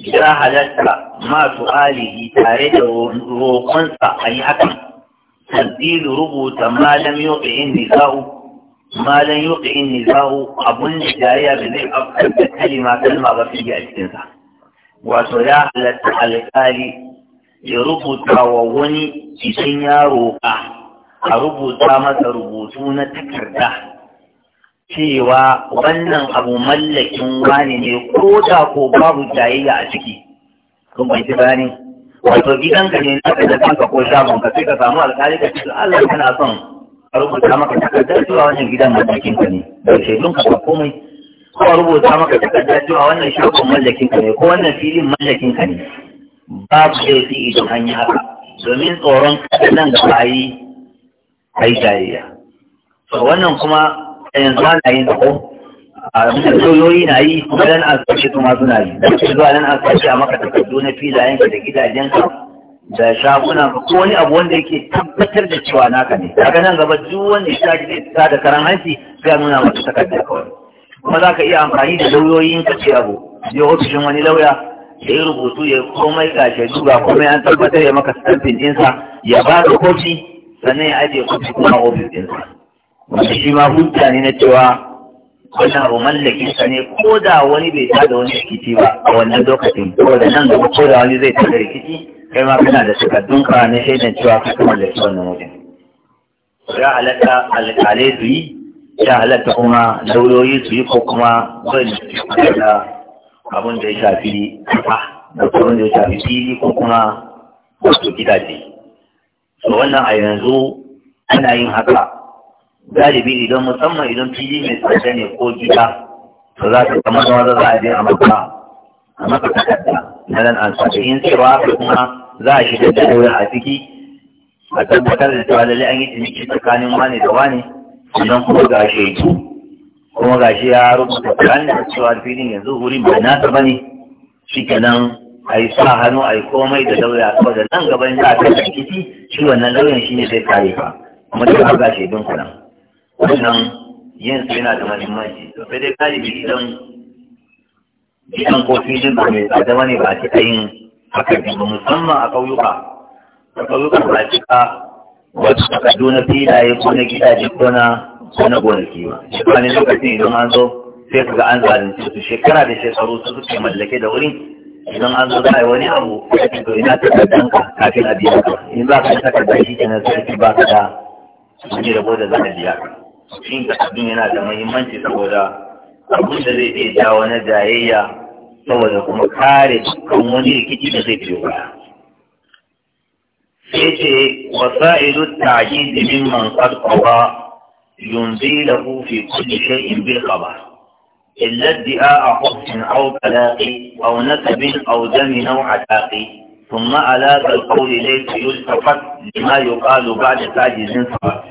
ya halatta ma su'alihi tare da roƙonsa a yi hakan tasbihu rubuta ma lam yuqin li ba'u ma lan yuqin nizahu abun da jariya da zai afkar da kalima kalma ba fiye a cikinsa wato ya halatta alƙali ya rubuta wa wani cikin yaro roƙa a rubuta masa rubutu na takarda cewa wannan abu mallakin wani ne ko da ko babu jayayya a ciki kun bai gani wato gidanka ne na da kanka ko shagon ka sai ka samu alƙali ka ce Allah kana son rubuta maka takardar zuwa wannan gidan mallakin ka ne da shaidun ka ba komai ko a rubuta maka takardar zuwa wannan shagon mallakin ka ne ko wannan filin mallakin ka ne babu fi idan an yi haka domin tsoron kada nan gaba a yi a yi jariya to wannan kuma yanzu ana yin ko a soyoyi na yi kuma dan an sake kuma suna yi da zuwa dan an a maka takardu na filayen da gidajen ka da shaguna ba ko wani abu wanda yake tabbatar da cewa naka ne daga nan gaba duk wani ya tashi ta da karan hanci ga nuna maka takarda kawai kuma za ka iya amfani da lauyoyin ka ce abu je ofishin wani lauya ya yi rubutu ya komai ga shaidu ga komai an tabbatar ya maka stampin ɗinsa ya ba da kofi sannan ya ajiye kofi kuma ofis dinsa wanda shi ma hujja ne na cewa wannan abu mallakin sa ne ko da wani bai tada wani rikici ba a wannan lokacin ko da nan gaba ko da wani zai tada rikici kai ma kana da takardunka na shaidan cewa ka kuma da wannan wajen ya halatta alƙalai su yi ya halatta kuma lauyoyi su yi ko kuma zai da abin da ya shafi kafa da abin da ya shafi fili ko kuma wato gidaje to wannan a yanzu ana yin haka galibi idan musamman idan fili mai tsada ne ko gida to za ka kamar wanda za a je a maka a maka takarda na nan an sa in tsira kuma za a shiga da daura a ciki a tabbatar da cewa lalle an yi ciniki tsakanin wane da wani. sannan kuma ga shaidu kuma ga shi ya rubuta kan da cewa filin yanzu wurin ba nasa bane ne. a yi sa hannu a yi komai da lauya saboda nan gaban za a kai rikici shi wannan lauyan shi ne zai kare ka kuma da ba ga shaidun ku nan wannan yin su yana da mahimmanci to sai dai kalibi idan gidan kofi duk ba mai tsada wani ba a cika yin haka ne musamman a ƙauyuka a ƙauyuka ba wasu takardu na filaye ko na gidaje ko na na gonaki ba shi wani lokacin idan an zo sai ka ga an zalunce su shekara da shekaru su suke mallake da wurin idan an zo za a yi wani abu kafin to ina takardun ka kafin a biya ka in za ka yi takardun shi kenan sai ba ka da wani rabo da za a biya ka shin takardun yana da muhimmanci saboda abin da zai iya jawo na jayayya saboda kuma kare dukkan wani rikici da zai biyo baya sai ce wasa'ilu ta'jizi mimman qad qada ينزيله في كل شيء بالخبر إلا ادعاء حب أو طلاق أو نسب أو دم أو عتاق ثم ألا بالقول ليس يلتفت لما يقال بعد تعجيز فقط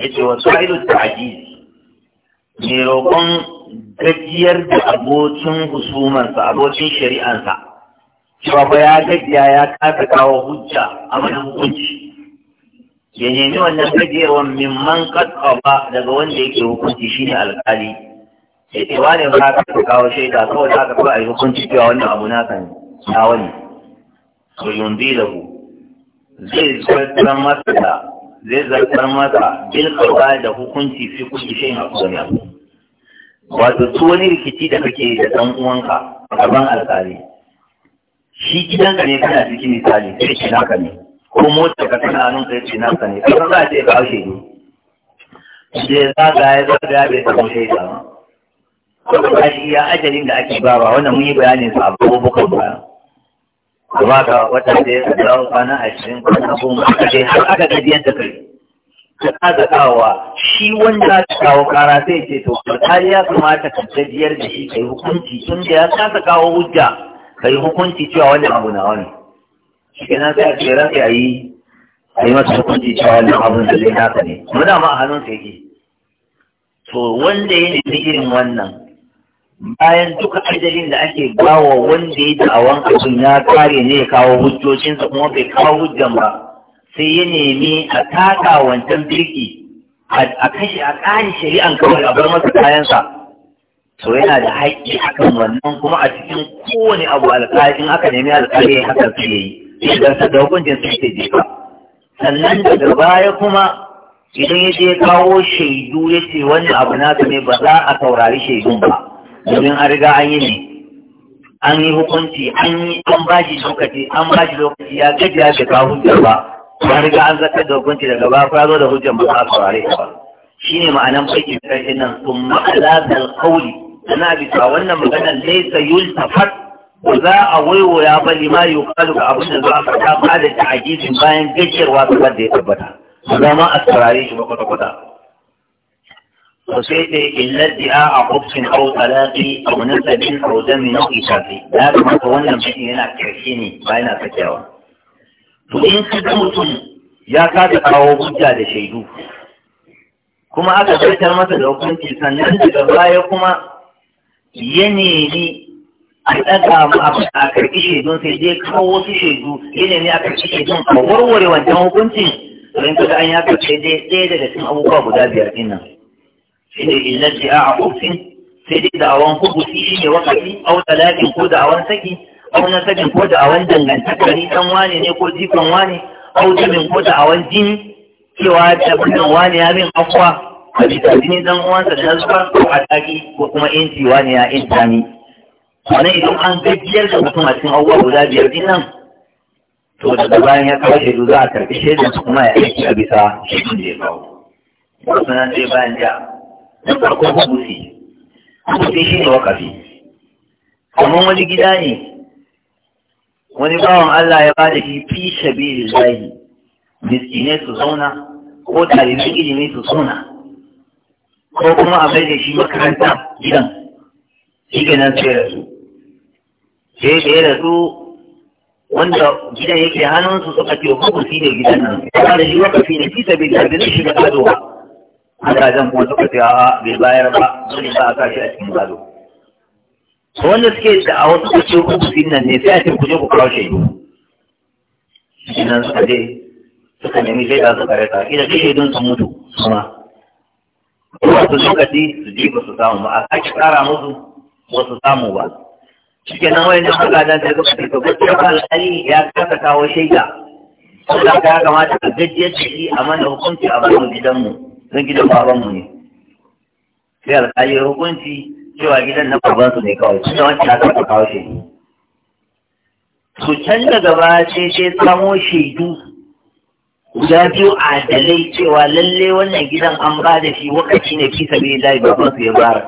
إذ وسائل التعجيز ميروكم gajiyar da abocin husumarsa abocin shari'ansa cewa ba ya gajiya ya kasa kawo hujja a mana hukunci ya nemi wannan gajiyarwar mimman ba daga wanda yake hukunci shine alkali ya ce wane ba ka kawo shaida kawai za ka kawai a yi hukunci cewa wannan abu na kan nawa ne to yundi ku zai zartar masa zai zartar masa bil da hukunci fi kulli shay'in a kowane abu wato su wani rikici da kake da ɗan uwanka a gaban alƙali shi ka ne kana cikin misali sai ce naka ne ko mota ka tana nan sai ce naka ne kuma za ta ga shi ne sai za ga ya za ga bai ta sai ba ko ba shi ya ajalin da ake ba ba wannan mun yi bayanin sa abu bukan ba kuma ga wata da ya dawo kwana ashirin kwana goma aka dai har aka gajiyar da kai ka tsagawa shi wanda ta kawo kara sai ce to alƙali ya kamata ka gajiyar da shi ka yi hukunci tun da ya kasa kawo hujja ka yi hukunci cewa wannan abu na wani shi nan sai a ce ran a yi a yi masa hukunci cewa wannan abun da zai naka ne muna ma a hannun sa yake to wanda ya nemi irin wannan bayan duka ajalin da ake bawa wanda ya da'awan abin ya kare ne ya kawo hujjocinsa kuma bai kawo hujjan ba sai ya nemi a taka wancan birki a kashe a ƙari shari'an kawai a bar masa kayansa to yana da haƙƙi kan wannan kuma a cikin kowane abu alƙalin aka nemi alƙalin ya haka su yi idan sa da hukuncin sai ke jefa sannan daga baya kuma idan ya je kawo shaidu ya ce wannan abu nasa ne ba za a saurari shaidun ba domin an riga an yi ne an yi hukunci an yi an ba lokaci an ba lokaci ya gaji ya kawo hujjar ba ba riga an zaka da hukunci daga ba fa zo da hujjan ba ka saurare ba shine ma'anan faki sai nan thumma ala dal qawli ana bi ta wannan magana laysa yultafat wa za a waiwaya ba lima yuqalu ka abin da za a ba da ta'ajizin bayan gajiyarwa kamar da ya tabbata zama a saurare shi ba kwata-kwata وسيد إلا ادعاء عرف أو طلاق أو نسب ya kamata wannan إشافي yana تمتون بإينا كرشيني بين فتاوى to in ka mutum ya kasa kawo hujja da shaidu kuma aka zartar masa da hukunci sannan daga baya kuma ya nemi a ɗaga a karki shaidun sai dai kawo wasu shaidu ya nemi a karki shaidun a warware wancan hukuncin don kaga an ya karki dai ɗaya daga cikin abubuwa guda biyar ɗin nan shi ne illar da a hukunci sai dai da'awan hukunci shi ne wakafi au lafi ko da'awan saki a wannan sakin ko da a wani dangantaka dan wane ne ko jikon wane ko jibin ko da a wani jini cewa da bukan wane ya min akwa a bisa jini dan uwansa da zuwa ko a taki ko kuma inci wane ya in ni wannan idan an gajiyar da mutum a cikin abubuwa guda biyar din nan to daga bayan ya kawo shaidu za a karɓi shaidan su kuma ya aiki a bisa shaidun da ya kawo wasu nan bayan ja na farko hubusi hubusi shi ne wakafi kamar wani gida ne wani bawan Allah ya bada shi fi miski ne su zauna ko talibin ilimi su zauna ko kuma a bai da shi makaranta gidan shi nan sai rasu sai da ya rasu wanda gidan yake hannunsu suka ce hukusi da gidan nan ya da shi wakafi ne fi shabiri da gidan shi da gado a an kuma suka ce a bai bayar ba dole ba a kashi a cikin gado wanda suke da a wasu kuce hukumin nan ne sai ake ce ku je ku kawo shaidu nan suka je suka nemi shaida suka rasa ina shi shaidun su mutu kuma su lokaci su ji ba su samu ba a sake tsara musu ba su samu ba shike nan wani nan kuka dan daga kuka to gaskiya ba alhali ya kasa kawo shaida da ka ya kamata a gajiyar da shi a mana hukunci a bayan gidanmu don gidan babanmu ne sai alhali hukunci cewa gidan na babban su ne kawai su wancan aka ta kawo shi su canza gaba sai sai samo shaidu guda biyu a dalai cewa lalle wannan gidan an ba da shi wakaci ne fi sabi da babban su ya bara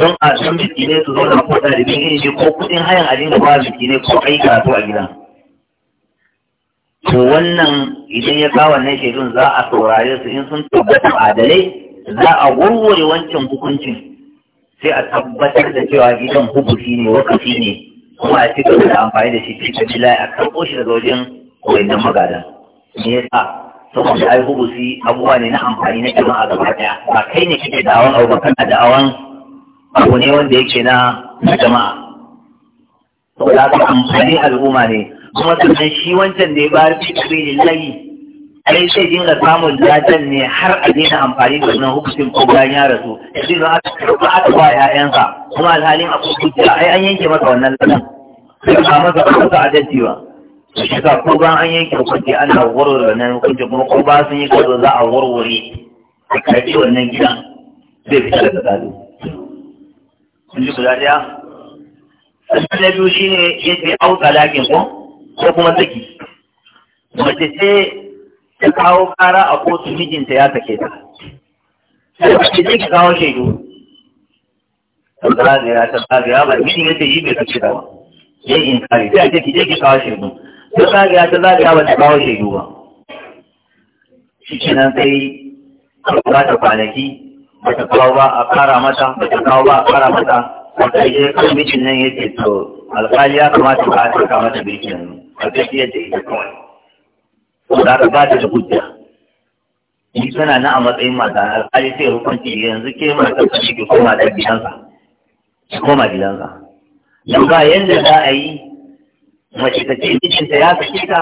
don a san biki ne su zauna ko ɗalibin ilimi ko kudin hayan a dinga ba biki ne ko ai karatu a gidan to wannan idan ya kawo wannan shaidun za a saurare su in sun tabbata adalai za a wurware wancan hukuncin sai a tabbatar da cewa gidan hubusi ne wakafi ne kuma a ci gaba da amfani da shi cikin bila a karɓo shi daga wajen wayannan magadan me yasa saboda ai hubusi abubuwa ne na amfani na jama'a gaba daya ba kai ne kake da'awan abu ba kana da'awan abu ne wanda yake na jama'a saboda haka amfani al'umma ne kuma sannan shi wancan da ya bayar fi sabilillahi ai sai dinga samun ladan ne har a daina amfani da wannan hukuncin ko bayan ya rasu shi ne aka karɓa aka ba ƴaƴansa kuma alhalin a kuka ai an yanke masa wannan ladan sai ba masa ba masa adalci ba shi ka ko ba an yanke hukunci ana warware wannan hukunci kuma ko ba sun yi kazo za a warware a karɓi wannan gidan zai fita daga gado kun ji guda ɗaya sannan na biyu shine yadda ya auka lakin ko ko kuma saki mace sai ta kawo ƙara a kotu mijinta ya sake ta sai ka kawo shaidu ta zagaya ta zagaya ba mijin ya ce yi bai kashe ta ba ya yi inkari sai a ce ki je ki kawo shaidu ta ya ta zagaya ba ta kawo shaidu ba shi nan sai ba ta kwanaki ba ta kawo ba a kara mata ba ta kawo ba a kara mata wata je kan mijin nan yake to alƙali ya kamata ba a saka mata birkin a gaskiyar da ita kawai ko da ka ba ta da hujja Ni tana na a matsayin mata alƙali sai hukunci yanzu ke mata ka shi koma da gidansa koma gidansa Yau ba yadda za a yi mace ta ce mijinta ya sake ta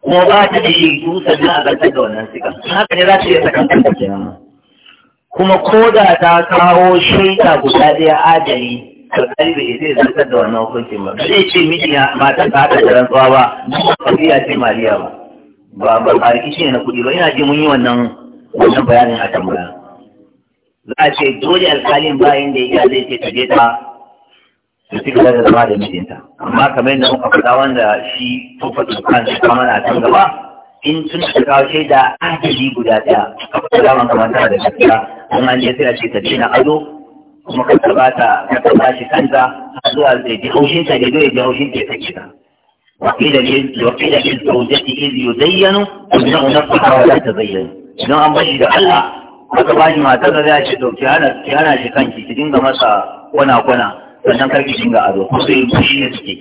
kuma ba ta da yi dusar na a ƙarfi da wannan sika haka ne za ta iya sakantar da kenan kuma ko da ta kawo shaida guda ɗaya adali alƙali bai zai zartar da wannan hukuncin ba zai ce miji mata ta haka da rantsuwa ba ba ta ce mariya ba ba ba ba ne na kuɗi ba ina ji mun yi wannan wannan bayanin a tambaya za a ce dole alƙalin bayan da ya zai ce ta je ta da da zama da mijinta amma kamar yadda muka faɗa wanda shi tufa tukan su kama na can gaba in tun da kawo da adali guda ɗaya a kusa man kamar da gaskiya an an je sai a ce ta daina ado kuma ka taɓa ta ka shi kanta har zuwa zai ji haushinta da ya ji haushinta ya sake ta وقيل للزوجة إذ يزين أنه نفسها ولا تزين إنه أن بشي ده الله aka ba shi matar da za shi dauki ana shi kanki ki dinga masa kwana-kwana sannan karki dinga ado ko sai shi ne suke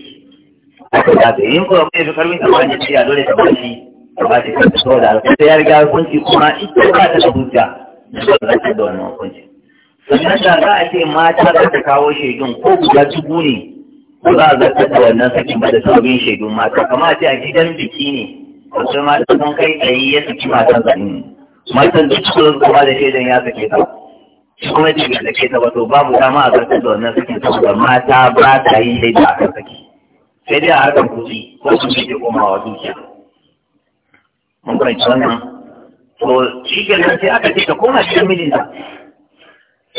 aka da ta yin kuma kai karfin ta wani ce ya dole ta bashi ta bashi kanta saboda alƙasa ya riga kuma ita ba ta da hujja da ba wannan hukunci sannan za a ce mata za ta kawo shaidun ko guda dubu ne ko za a zartar da wannan sakin ba da sabbin shaidu mata kama ce a gidan biki ne wasu mata sun kai tsaye ya saki matan zanen matan duk sun kuma da shaidan ya sake ta kuma ce ga sake ta ba to babu dama a zartar da wannan sakin saboda mata ba ta yi shaida a kan saki sai dai a harkar kuɗi ko su ce ke komawa dukiya mun fahimci wannan to shi ke nan sai aka ce ka koma cikin mijinta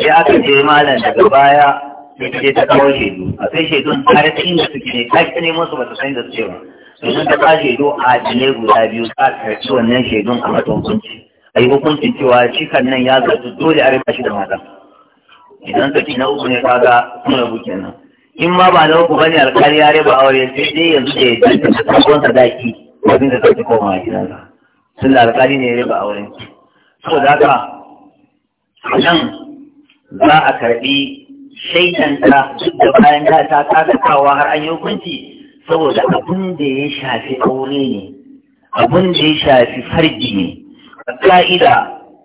sai aka je malam daga baya sai ta je ta kawo shaidu a sai shaidun ta rasa inda suke ne ta ki neman su ba ta san inda suke ba domin ta kawo shaidu a adilai guda biyu ta karci wannan shaidun a mata hukunci a yi hukuncin cewa cikan nan ya zartu dole a rika shi da mata idan saki na uku ne kaga sun rabu kenan in ma ba na uku bane alkali ya raba aure sai dai yanzu da ya danta da sabon sadaki wajen da sauki koma a gidansa sun da alkali ne ya raba aure da haka a nan za a karɓi shaidanta duk da bayan ta ta kasakawa har an yi hukunci saboda abin da ya shafi aure ne abin da ya shafi farji ne a ka'ida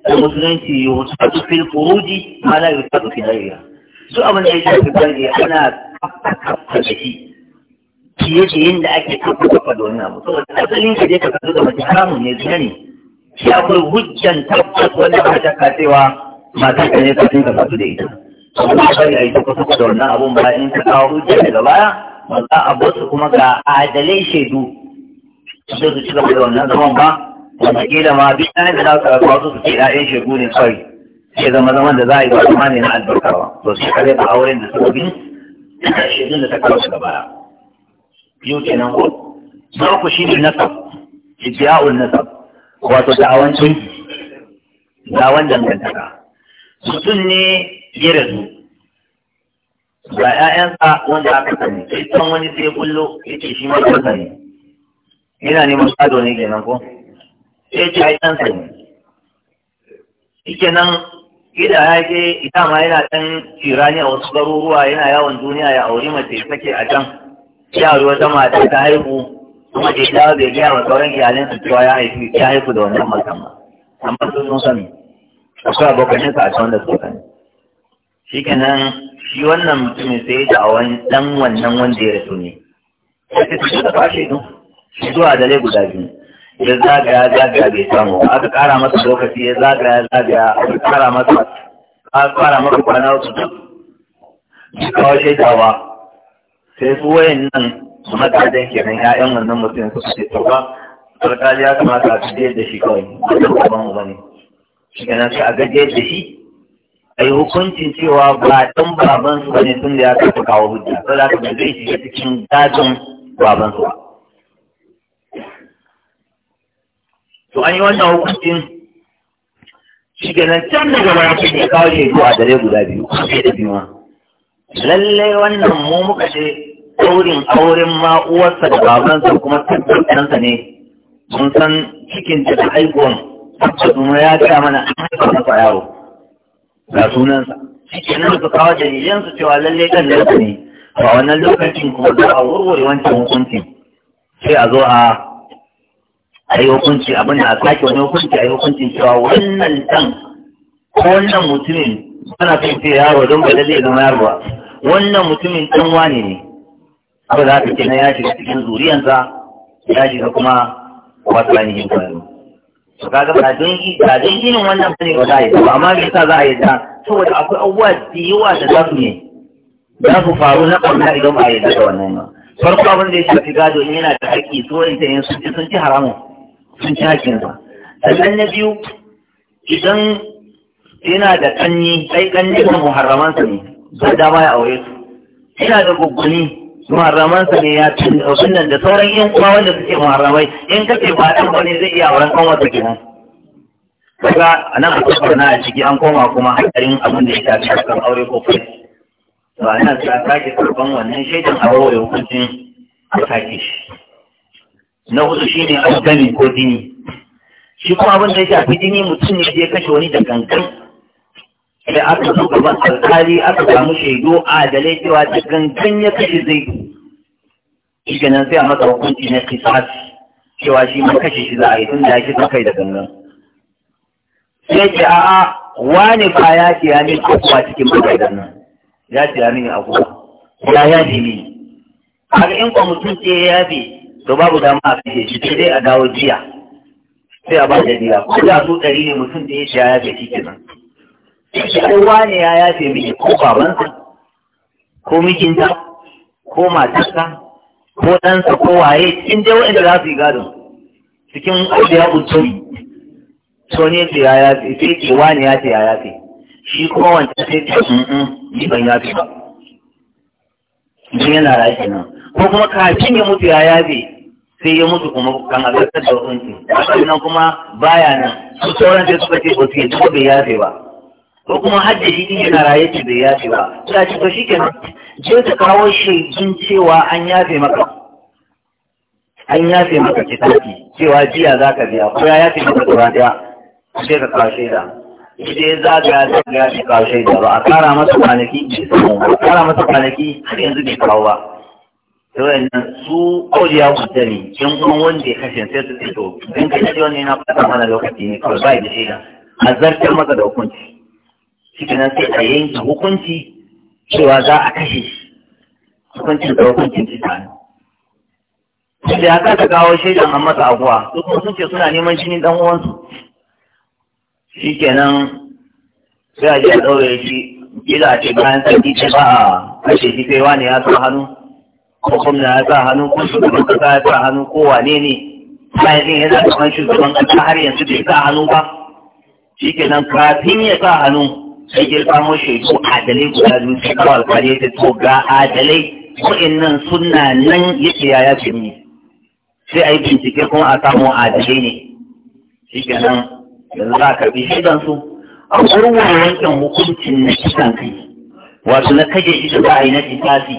da musulunci ya wuce a tufin furuji ma na yi tafi fidariya su abin da ya shafi farji ana kafa kafa da shi fiye da yadda ake kafa kafa da wani abu saboda asalin ka je ka kasu da mace haramun ne zina ne shi akwai hujjan tabbas wanda ba ta kasewa matan ka ne kafin ka kasu da ita saboda bari a yi ta kusa da wannan abun ba in ka kawo hujja daga baya ba za a bar su kuma ga adalai shaidu sai su ci gaba da wannan zaman ba wanda kila ma bi ɗaya da za su kawo su su ce ɗayan shaidu ne kawai sai zama zaman da za a yi ba kuma ne na albarkawa ba to shi kare ba auren da suka bi shaidun da ta kawo su gaba biyu kenan ko na uku shi ne nasab ibiya'ul nasab wato da'awancin da'awan dangantaka mutum ne ya rasu ga ‘ya'yansa wanda aka sani shi can wani sai ya kullo ya ce shi mai kansa ne yana neman sado ne kenan ko sai ce ai ɗansa ne shi nan gida ya ke, ita ma yana ɗan tirani a wasu garuruwa yana yawon duniya ya auri mace take a can yaro wata mata ta haihu kuma ke dawo bai gaya wa sauran su cewa ya haifi ya haifu da wannan matan ba amma sun sani akwai sa a can da ka sani shi kenan shi wannan mutumin sai da wani dan wannan wanda ya rasu ne sai su da fashe din shi zuwa dale guda biyu ya zagaya zagaya bai samu aka kara masa lokaci ya zagaya zagaya aka kara masa aka kara masa kwana wasu su kawo shaidawa sai su wayan nan magadan kenan 'ya'yan wannan mutum su ce to ba sarkali ya kamata a gaje da shi kawai ba kuma mu bane shi kenan sai a gaje da shi a yi hukuncin cewa ba ɗan baban su ne tun da ya tafi kawo hujja ko da ka zai shiga cikin dajin baban su ba to an yi wannan hukuncin shi nan can daga baya kun ya kawo shaidu zuwa dare guda biyu sai da biyu ma. lallai wannan mu muka ce ɗaurin auren ma uwarsa da babansa kuma tabbatansa ne mun san cikin da haihuwan tabbatu ya gaya mana an haifa masa yaro ga sunansa shi ke nan su kawo dalilansu cewa lalle kan lalle ne a wannan lokacin kuma za a warware wancan hukuncin sai a zo a a yi hukunci abin da a sake wani hukunci a yi hukuncin cewa wannan dan ko wannan mutumin ana son ce yaro don ba lalle zama yaro ba wannan mutumin dan wane ne abu za ka ce na ya shiga cikin zuriyansa ya shiga kuma wasu ainihin kwayo to kaga ba don yi ba don yi ne wannan bane ba za a yi ba amma me yasa za a yi da saboda akwai abubuwa da yawa da za su ne za su faru na ƙarna idan ba a yi da wannan ba farko abin da ya shafi gado in yana da haƙƙi so in ta yin sun ci sun ci haramun sun ci haƙƙin sa sannan na biyu idan yana da ƙanni ai ƙanni kan muharraman su ne ba dama ya aure su yana da gugguni muharramansa ne ya abin nan, da sauran yan kuma wanda suke muharramai in ka ce ba dan bane zai iya auren kan wata gina. kaga nan a tabbata na a ciki an koma kuma hankalin abin da ya shafi kan aure ko fai to nan sa sake karban wannan shaidan a wawaye hukuncin a sake shi na hudu shine an gami ko dini shi kuma abin da ya shafi dini mutum ne ya kashe wani da gangan da aka zo gaban alkali aka samu shaidu a dalai cewa da gangan ya kashe zai shi nan sai a masa hukunci na kisasi cewa shi ma kashe shi za a yi tun da shi kai da gangan sai ce a'a wani ba ya ce ya ko kuma cikin da nan ya ce ya min akuwa ya ya ce ne har in kwa mutum ce ya yafe to babu dama a kashe shi sai dai a dawo jiya sai a ba da jiya ko da su ɗari ne mutum da ya ce ya yafe shi kenan sai wane ya yafe miki ko babansa ko mijinta ko matarsa ko ɗansa ko waye cikin dai wa'inda za su yi gadon cikin ƙudiya ƙunturi so ne ce ya yafe sai ce wane ya ce ya yafe shi kuma wancan sai ce ni ban yafe ba don yana rashi nan ko kuma kafin ya mutu ya yafe sai ya mutu kuma kan azartar da hukunci nan kuma baya nan su sauran sai suka ce ba su yi bai yafe ba ko kuma hajji shi na raye ce bai yafe ba ta ce to shi kenan je ta kawo jin cewa an yafe maka an yafe maka kitaki cewa jiya za ka biya ko ya yafe maka gaba daya sai ka kawo shaida shi ya zaga ya zaga ya kawo shaida ba a kara masa kwanaki bai samu ba kara masa kwanaki har yanzu bai kawo ba wayannan su auliya kuta ne in kuma wanda ya kashe sai su to in ka ji wannan yana fata mana lokaci ne kawai bai da shaida a zartar maka da hukunci cikin sai a yanke hukunci cewa za a kashe shi hukuncin da hukuncin kisa ne tunda ya kasa kawo shaidan a masa aguwa su kuma sun ce suna neman jinin dan uwansu shi kenan sai a ji a ɗaure shi kila a ce bayan sarki ce ba a kashe shi sai wani ya sa hannu ko gwamna ya sa hannu ko shugaban kasa ya sa hannu ko wane ne bayan ɗin yana da shugaban kasa har yanzu bai sa hannu ba shi kenan kafin ya sa hannu sai ke samo shaidu adalai guda biyu sai kawo alƙali ya ce to ga adalai wa'annan suna nan yake yaya ce ni sai a yi bincike kuma a samu adalai ne shi nan, yanzu za a karbi shaidan su a wurin wankan hukuncin na kisan kai wato na kaje shi da za a yi na kisasi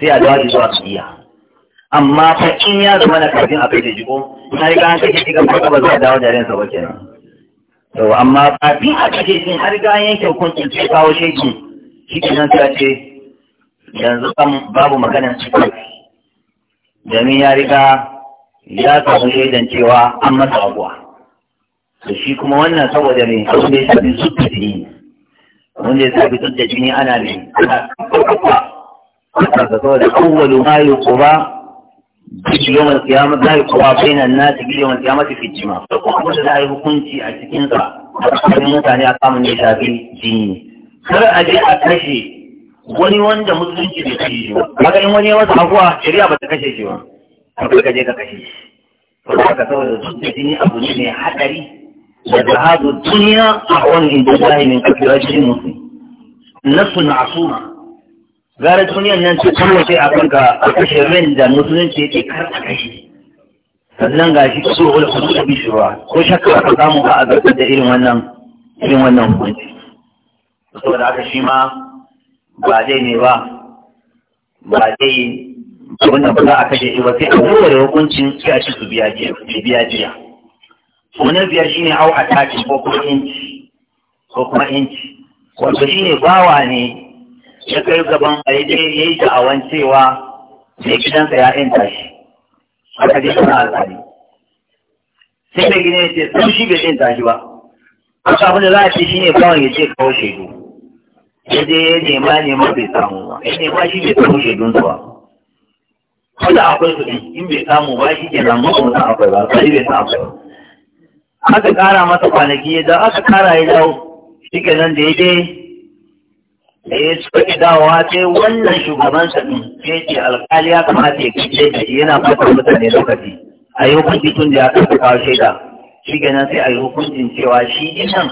sai a dawo zuwa biya amma fa in ya zama na kafin a kai da jiko na yi kan kake shiga ga ba za a dawo da yarensa ba kenan to amma kafin a kashe shi har ga yanke hukuncin sai kawo shekin. shi ke nan ta ce yanzu kan babu maganar cikin domin ya riga ya samu shaidan cewa an masa abuwa to shi kuma wannan saboda ne abin da ya zuwa jini wanda ya sabi zuwa jini ana ne ana kafa kafa da kowane ma yi kuma duk yawan kiyama za yi kowa bai nan na ta yawan kiyama ta fitima farko abin da za a yi hukunci a cikinsa a tsakanin mutane a kamun ya shafi jini kar a je a kashe wani wanda musulunci bai kashe shi ba Maka in wani ya masa afuwa shari'a ba ta kashe shi ba to ka je ka kashe shi ka haka saboda duk da jini abu ne mai hadari da zahadu duniya a wani inda zahimin kafirajin musulmi nasu na asuma gara duniyan nan ce sai a kanka a kashe rin da musulunci yake kar a kashe sannan ga shi kaso wani kudu da bishirwa ko shakka ka samu ba a zartar da irin wannan irin wannan hukunci saboda haka shi ma ba dai ne ba ba dai Kuma ba za a kashe shi ba sai a kowane hukuncin sai a ci su biya jiya wani biyar shi ne au a ko kuma inci ko kuma inci wato shi ne bawa ne ya kai gaban a yi dai ya yi da'awan cewa mai gidansa ya yanta shi ka je suna alƙali sai mai gidan ya ce sun shi bai yanta shi ba aka abin da za a ce shi ne kawai ya ce kawo shaidu ya je ya nema nema bai samu ba ya nema shi bai samu shaidun su ba ko da akwai su in bai samu ba shi ke nan mutum san akwai ba kari bai sa akwai ba aka kara masa kwanaki ya da aka kara ya dawo shi nan da ya je da ya ci dawowa sai wannan shugaban sami ke ce alƙali ya kamata ya kace da shi yana fata mutane lokaci a yi hukunci tun da ya kafa kawo shaida shi kenan sai a yi hukuncin cewa shi din nan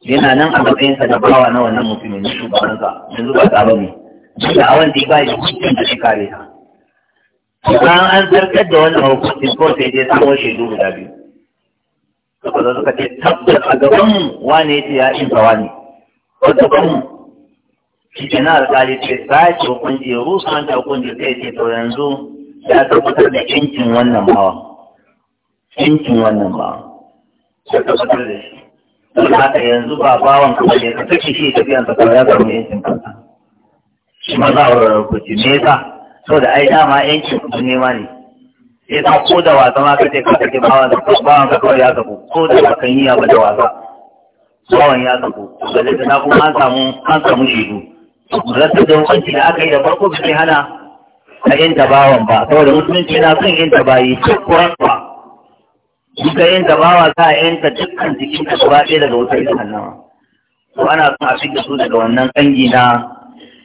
yana nan a matsayinsa da bawa na wannan mutumin shugaban sa yanzu ba ne bane da awan da ba shi hukuncin da shi kare ta bayan an zarkar da wannan hukuncin ko sai dai samo shaidu guda biyu suka suka ce tabbas a gaban wane ya ce ya in wani ko gaban shi ke na alƙali ce za ki hukunci rusan ta hukunci ta ce to yanzu ya tabbatar da yankin wannan bawa yankin wannan bawa ya tabbatar da shi don haka yanzu ba bawan kuma ne ka tafi shi tafiyan sa kawai ya samu yankin kansa shi ma za a wurin rubuci me yasa da ai dama yankin ne nema ne sai ta ko da wasa ma kace ka kake bawan bawan ka kawai ya zabu ko da ba kan yi ba da wasa bawan ya zabu da na kuma an samu an samu shidu rasa da hukunci da aka yi da farko bai hana a yin tabawan ba saboda musulunci yana son yin tabayi duk kuwa duka yin tabawa za a yanta dukkan jikin ta gaba ɗaya daga wutar jahannama to ana son a fita su daga wannan kangi na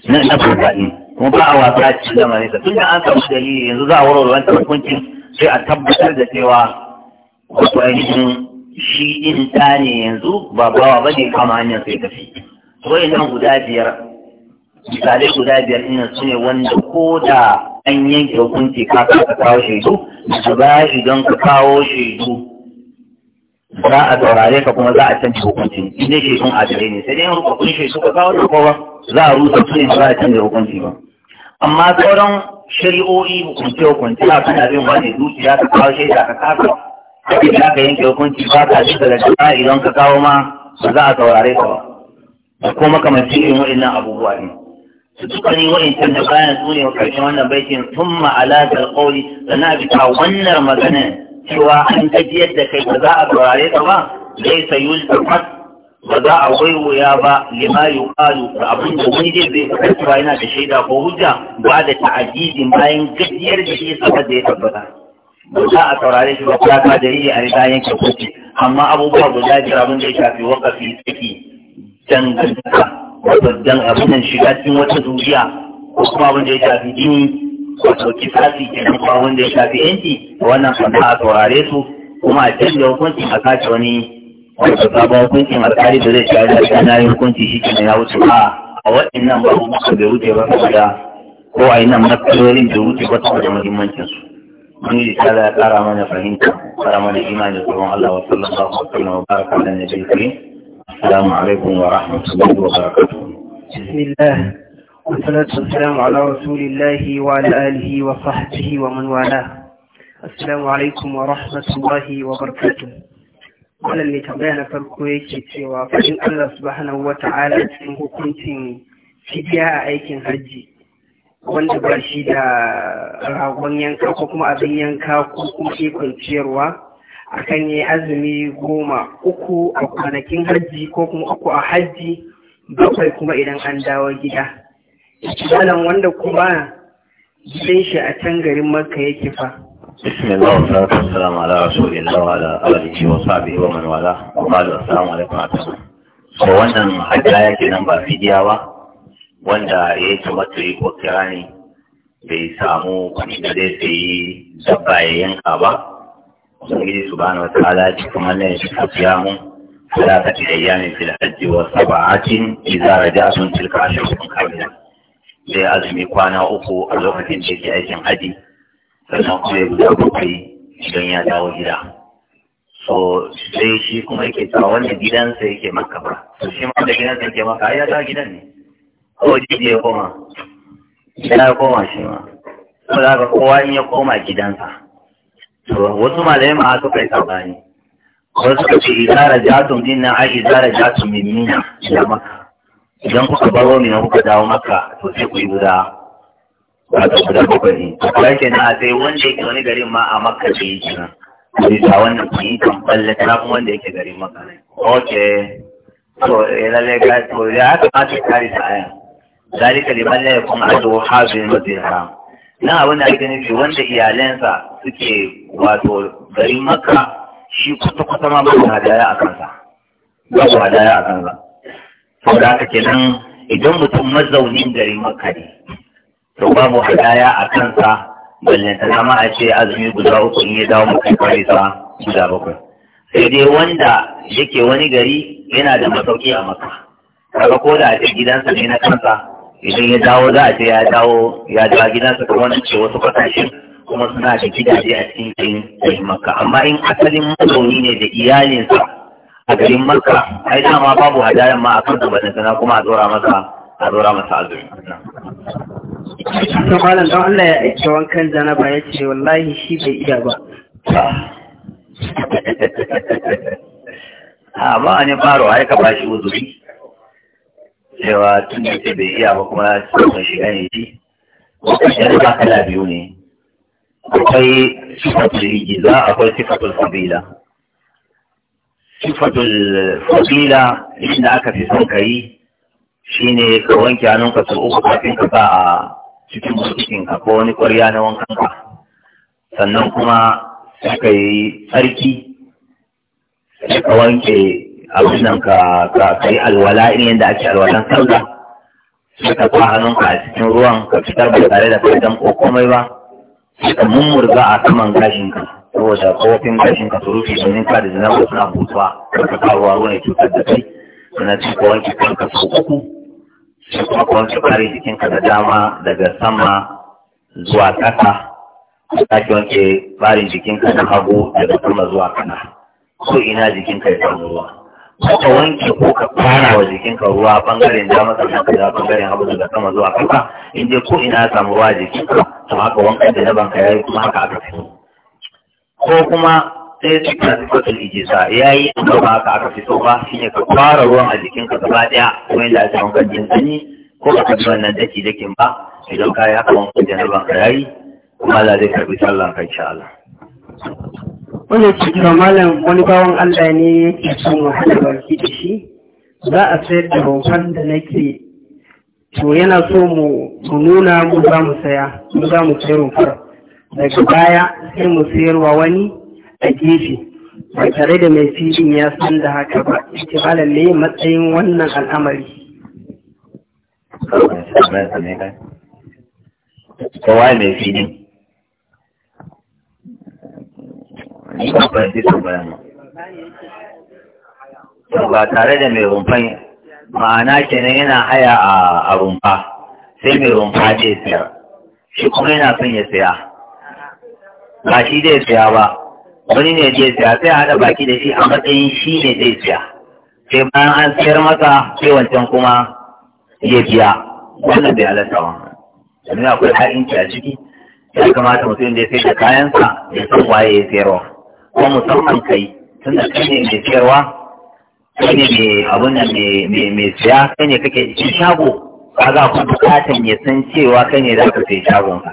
na na fulani kuma ba a wasa cikin lamarin ka. tun da an samu dalili yanzu za a warware wancan hukuncin sai a tabbatar da cewa wato ainihin shi ɗin ta ne yanzu ba bawa ba ne kama hanyar sai tafi. Wai nan guda biyar misalai guda biyar ina su ne wanda ko da an yanke hukunci kafin ka kawo shaidu da ba idan ka kawo shaidu za a saurare ka kuma za a canza hukunci in ne shaidun adalai ne sai dai in rukun shaidu ka kawo da kowa za a rusa su ne ba za a canza hukunci ba amma sauran shari'o'i hukunce hukunce a kan abin wani dukiya ka kawo shaida ka kasa kake da yanke hukunci ba ka ji daga jama'a idan ka kawo ma ba za a saurare ka ba ko makamancin irin waɗannan abubuwa ne dukkanin wa'incan da bayan sune ne wa karshen wannan baitin sun ma'ala da da na ta wannan maganin cewa an gajiyar da kai ba za a saurare ka ba zai sayu fat ba za a waiwaya ba lima yuqalu da abin da wani zai zai faɗa cewa yana da shaida ko hujja ba da ta'ajijin bayan gajiyar da shi saka da ya tabbata ba za a saurare shi ba ta ka da a riga yanke hukunci amma abubuwa guda jira abin da ya shafi wakafi tsaki dangantaka wato dan abin shiga cikin wata zuciya ko kuma wanda ya shafi jini wato ke nan kuma wanda ya shafi yanci wannan kan a saurare su kuma a canza hukuncin a kace wani wato sabon hukuncin alkali da zai shayar da shi na yi hukunci shi kenan ya wuce ba a waɗannan ba mu muka bai wuce ba saboda ko a yi nan matsalolin bai wuce ba saboda muhimmancin su mun yi ta ya ƙara mana fahimta ƙara mana imanin da tsoron Allah wa sallallahu alaihi wa sallam wa baraka da nabi السلام عليكم ورحمة الله وبركاته بسم الله والصلاة والسلام على رسول الله وعلى آله وصحبه ومن والاه السلام عليكم ورحمة الله وبركاته wannan mai tambaya na farko yake cewa fadin Allah subhanahu wata'ala cikin hukuncin fidiya a aikin hajji wanda ba shi da ragon yanka ko kuma abin yanka ko kuma ikon ciyarwa akan yi azumi goma uku a kwanakin hajji ko kuma uku a hajji bakwai kuma idan an dawo gida malam wanda kuma gidan shi a can garin makka yake fa bismillah wa salatu wassalamu ala rasulillah wa ala alihi wa sahbihi wa man wala wa qala assalamu alaikum wa so wannan hajja yake nan ba fidiya ba wanda ya yi tumatiri ko kirani bai samu kuɗi da zai sayi dabba ya yanka ba ubangiji subhanahu wataala ce kamar ne shi kafiya mu fala ta ayyamin fil hajji wa sab'atin idza raja'tum tilka ashrun kamila sai azumi kwana uku a lokacin da yake aikin haji sannan kuma ya guda bakwai idan ya dawo gida so sai shi kuma yake cewa wanda gidansa yake maka ba So shi ma da gidansa yake maka ya dawo gidan ne ko jiji ya koma ya koma shi ma ko ka kowa in ya koma gidansa wasu malayi ma suka yi sabani wasu suka ce izara jatun din nan ai idara jatun min mina da maka idan kuka baro ne kuka dawo maka to sai ku yi guda wato guda bakwai ne to kuma ke na sai wanda yake wani garin ma a ce yi yake nan yi ta wannan ku yi kan balle ta kuma wanda yake garin maka. okay to ya eh, lalle ga to ya kamata kare ta aya ذلك لمن لا يكون hazin حاضر المسجد na abin da ake nufi wanda iyalansa suke wato garin makka shi kwata-kwata ma babu hadaya a kansa babu hadaya a kansa sau da ke nan idan mutum mazaunin garin makka ne to babu hadaya a kansa ballanta na ma a ce azumi guda uku in ya dawo mutum kwarisa guda bakwai sai dai wanda yake wani gari yana da masauki a makka kaga ko da a ce gidansa ne na kansa idan ya dawo za a ce ya dawo ya dawo su kuma wani ce wasu kasashe kuma suna da gidaje a cikin garin makka amma in asalin mazauni ne da iyalinsa a garin makka ai dama babu hadayan ma a kan da bane sana kuma a zora masa a zora masa azumi to malam don Allah ya aike wankan janaba ya ce wallahi shi bai iya ba a ba ne faro ai ka bashi wuzuri cewa tun da ce bai iya ba kuma sun shiga ne shi wakashin ba kala biyu ne akwai sifatul ijiza akwai sifatul fabila sifatul fabila inda aka fi son ka yi, shi ne ka wanke hannunka sau uku kafin ka ba a cikin cikin ka ko wani kwarya na wankan ka sannan kuma sai ka yi tsarki sai ka wanke abin nan ka ka yi alwala in yadda ake alwalan sallah sai ka kwa hannunka a cikin ruwan ka fitar ba tare da kai dan ko komai ba sai ka mummurga a saman gashin ka saboda kofin gashin ka su rufe domin ka da ko suna hutuwa ka kawo ruwan ne cutar da kai suna ci ka wanke kanka sau uku sai kuma ka wanke kare jikinka da dama daga sama zuwa ƙasa sake wanke farin jikinka na hagu daga sama zuwa kana ko ina jikinka ya samu ruwa ka wanke ko ka fara wa jikinka ruwa bangaren dama sannan ka za bangaren abu daga sama zuwa kafa in dai ko ina samu ruwa jikinka to haka wanka da ban banka yayi kuma haka aka fi ko kuma sai ci ka kotul ijisa ya yi ba haka aka fi so ba shine ka fara ruwan a jikinka gaba daya kuma yadda ake wanka jin ni, ko ka ji wannan dake dakin ba idan ka yi haka wanka da ban banka yayi kuma Allah zai karbi sallan ka insha Allah. wanda ya ce malam wani bawan Allah ne yake son wahala baki da shi za a sayar da rumfan da nake to yana so mu nuna mu za mu saya mu za mu sayar rumfar daga baya sai mu sayarwa wani a gefe ba tare da mai filin ya san da haka ba ita malam ne matsayin wannan al'amari kowa mai fili ni ba fahimci ba tare da mai rumfan ma'ana kenan yana haya a rumfa sai mai rumfa ce siya shi kuma yana son ya siya ba shi zai siya ba wani ne zai siya sai a haɗa baki da shi a matsayin shi ne zai siya sai bayan an siyar masa sai wancan kuma ya biya wannan bai halatta ba domin akwai ha'inci a ciki ya kamata mutum da ya sai da kayansa ya san waye ya siyarwa. ko musamman kai tun da kai ne mai siyarwa kai ne mai abun nan mai siya kai ne kake cin shago kaga ku bukatan ya san cewa kai ne za ka sai shagon ka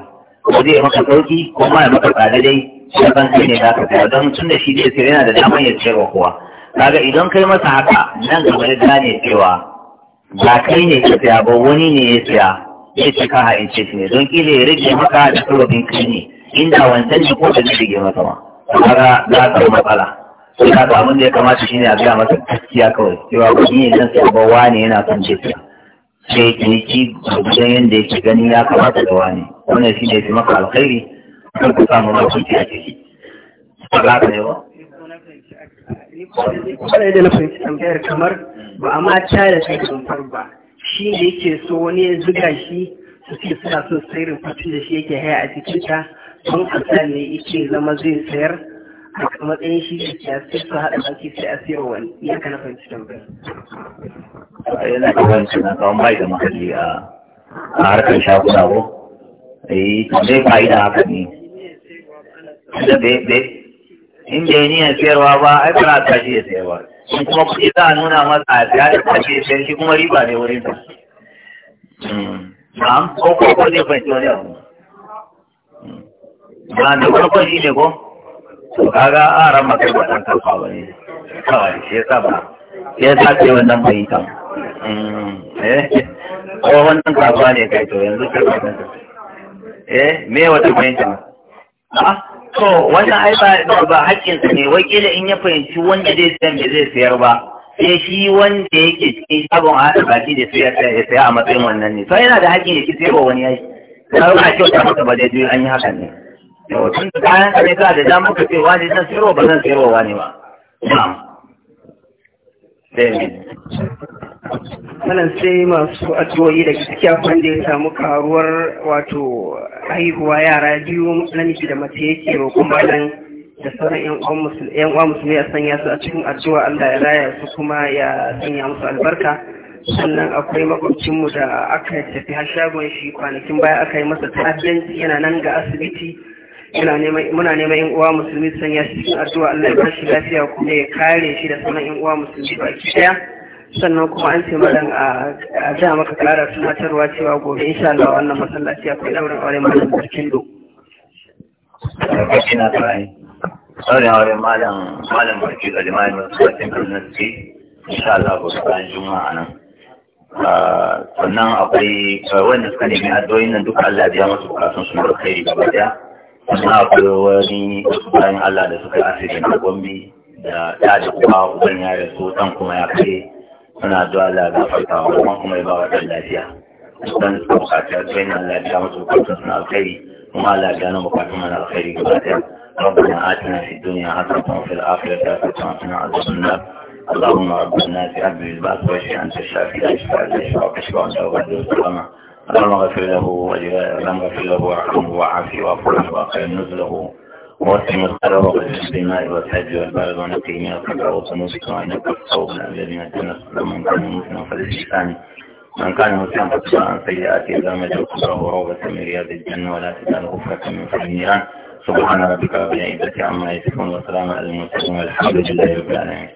ko zai maka sauki ko ma ya maka tsada dai shagon kai ne za ka siya don tun da shi zai siyar yana da daman ya siyarwa kowa kaga idan kai masa haka nan gaba ya gane cewa ba kai ne ka siya ba wani ne ya siya zai ce ka ha'ince shi ne don kila ya rage maka da sababin kai ne inda wancan ne ko da zai rage masa ba. kaga za a samu matsala sai ka abin da ya kamata shine a gaya masa gaskiya kawai cewa ba ni zan sai ba wani yana son tafiya sai ki ki gudan yanda yake gani ya kamata da wani wannan shine fi maka alkhairi kan ku samu mutunci a ciki ba za ka ne ba kwarai da na fahimci tambayar kamar ba a ma da shi kamfar ba shi ne yake so wani ya zuga shi su ce suna so sirrin fatin da shi yake haya a cikin ta sun kasa ne yake zama zai sayar a matsayin shi da ke sai su haɗa baki sai a sayar wani ya kana fahimci tambayar. yana da wani suna kawon bai da mahalli a harkar shaguna ko eh tambayar da haka ne da bai in bai niyan sayarwa ba ai ba na tashi ya sayarwa in kuma kuɗi za a nuna masa a siya da tashi ya sayar shi kuma riba ne wurin ba. Hmm. ko ko ko ne fahimci wani abu. ba da farkon shi ne ko to kaga a ran makai ba san karfa ba ne kawai shi yasa ba shi yasa wannan bai kan mm, eh? ko wannan kafa ne kai to yanzu ka ba san eh me wata fahimta a to wannan ai ba ba hakkin sa ne wai in ya fahimci wanda zai sayar da zai sayar ba sai shi wanda yake cikin shagon a haɗa baki da sayar ya saya a matsayin wannan ne Sai yana da hakkin ya ki sayarwa wani yayi kawai a kyauta masa ba daidai an yi hakan ne yau ka ka da ka ce wani zan siro ba zan siro wani ba sai masu addu'o'i da gaskiya da ya samu karuwar wato haihuwa yara biyu namiji da mace yake roƙon malam da sauran yan uwan musulmi ya sanya su a cikin addu'a Allah ya raya su kuma ya sanya musu albarka sannan akwai makwabcinmu da aka tafi har shagon shi kwanakin baya aka yi masa ta'addanci yana nan ga asibiti muna neman yan uwa musulmi su sanya shi cikin addu'a Allah ya ba shi lafiya kuma ya kare shi da sauran yan uwa musulmi baki daya sannan kuma an ce madan a da maka kara tunatarwa cewa gobe insha Allah wannan masallaci akwai daurin aure malam barkin do saurin aure malam malam barki da jama'a masallacin annasi insha Allah gobe bayan juma'a nan sannan akwai wanda suka nemi addu'o'in nan duka Allah ya biya musu bukatun su na alkhairi gaba daya sannan akwai wani bayan Allah da suka yi asibiti na gombe da ya da kuma uban ya rasu dan kuma ya kai suna zuwa Allah ga farkawa kuma kuma ya ba wa dan lafiya dan suka bukaci addu'a na lafiya musu bukatun suna alkhairi kuma Allah ya gano bukatun mana alkhairi gaba ɗaya ربنا آتنا في الدنيا حسنة وفي الآخرة حسنة وقنا عذاب النار اللهم رب الناس أهل الباس واشفي أنت الشافي لا يشفع إلا يشفعك اشفع أنت وحده السلامة اللهم اغفر له وجزاه اللهم اغفر له وارحمه وعافي واغفر واقل نزله ووسع مدخله وغفر الدماء والحج والبلد ونقي من القدر وصنوبك وانك الصوم الذين تنسلوا من كان مثلا فللشيطان من كان مثلا فتبع عن سيئاته اذا مجد قدره روضة من رياض الجنة ولا تزال غفرة من فضل النيران سبحان ربك رب العزة عما يصفون وسلام على المرسلين والحمد لله رب العالمين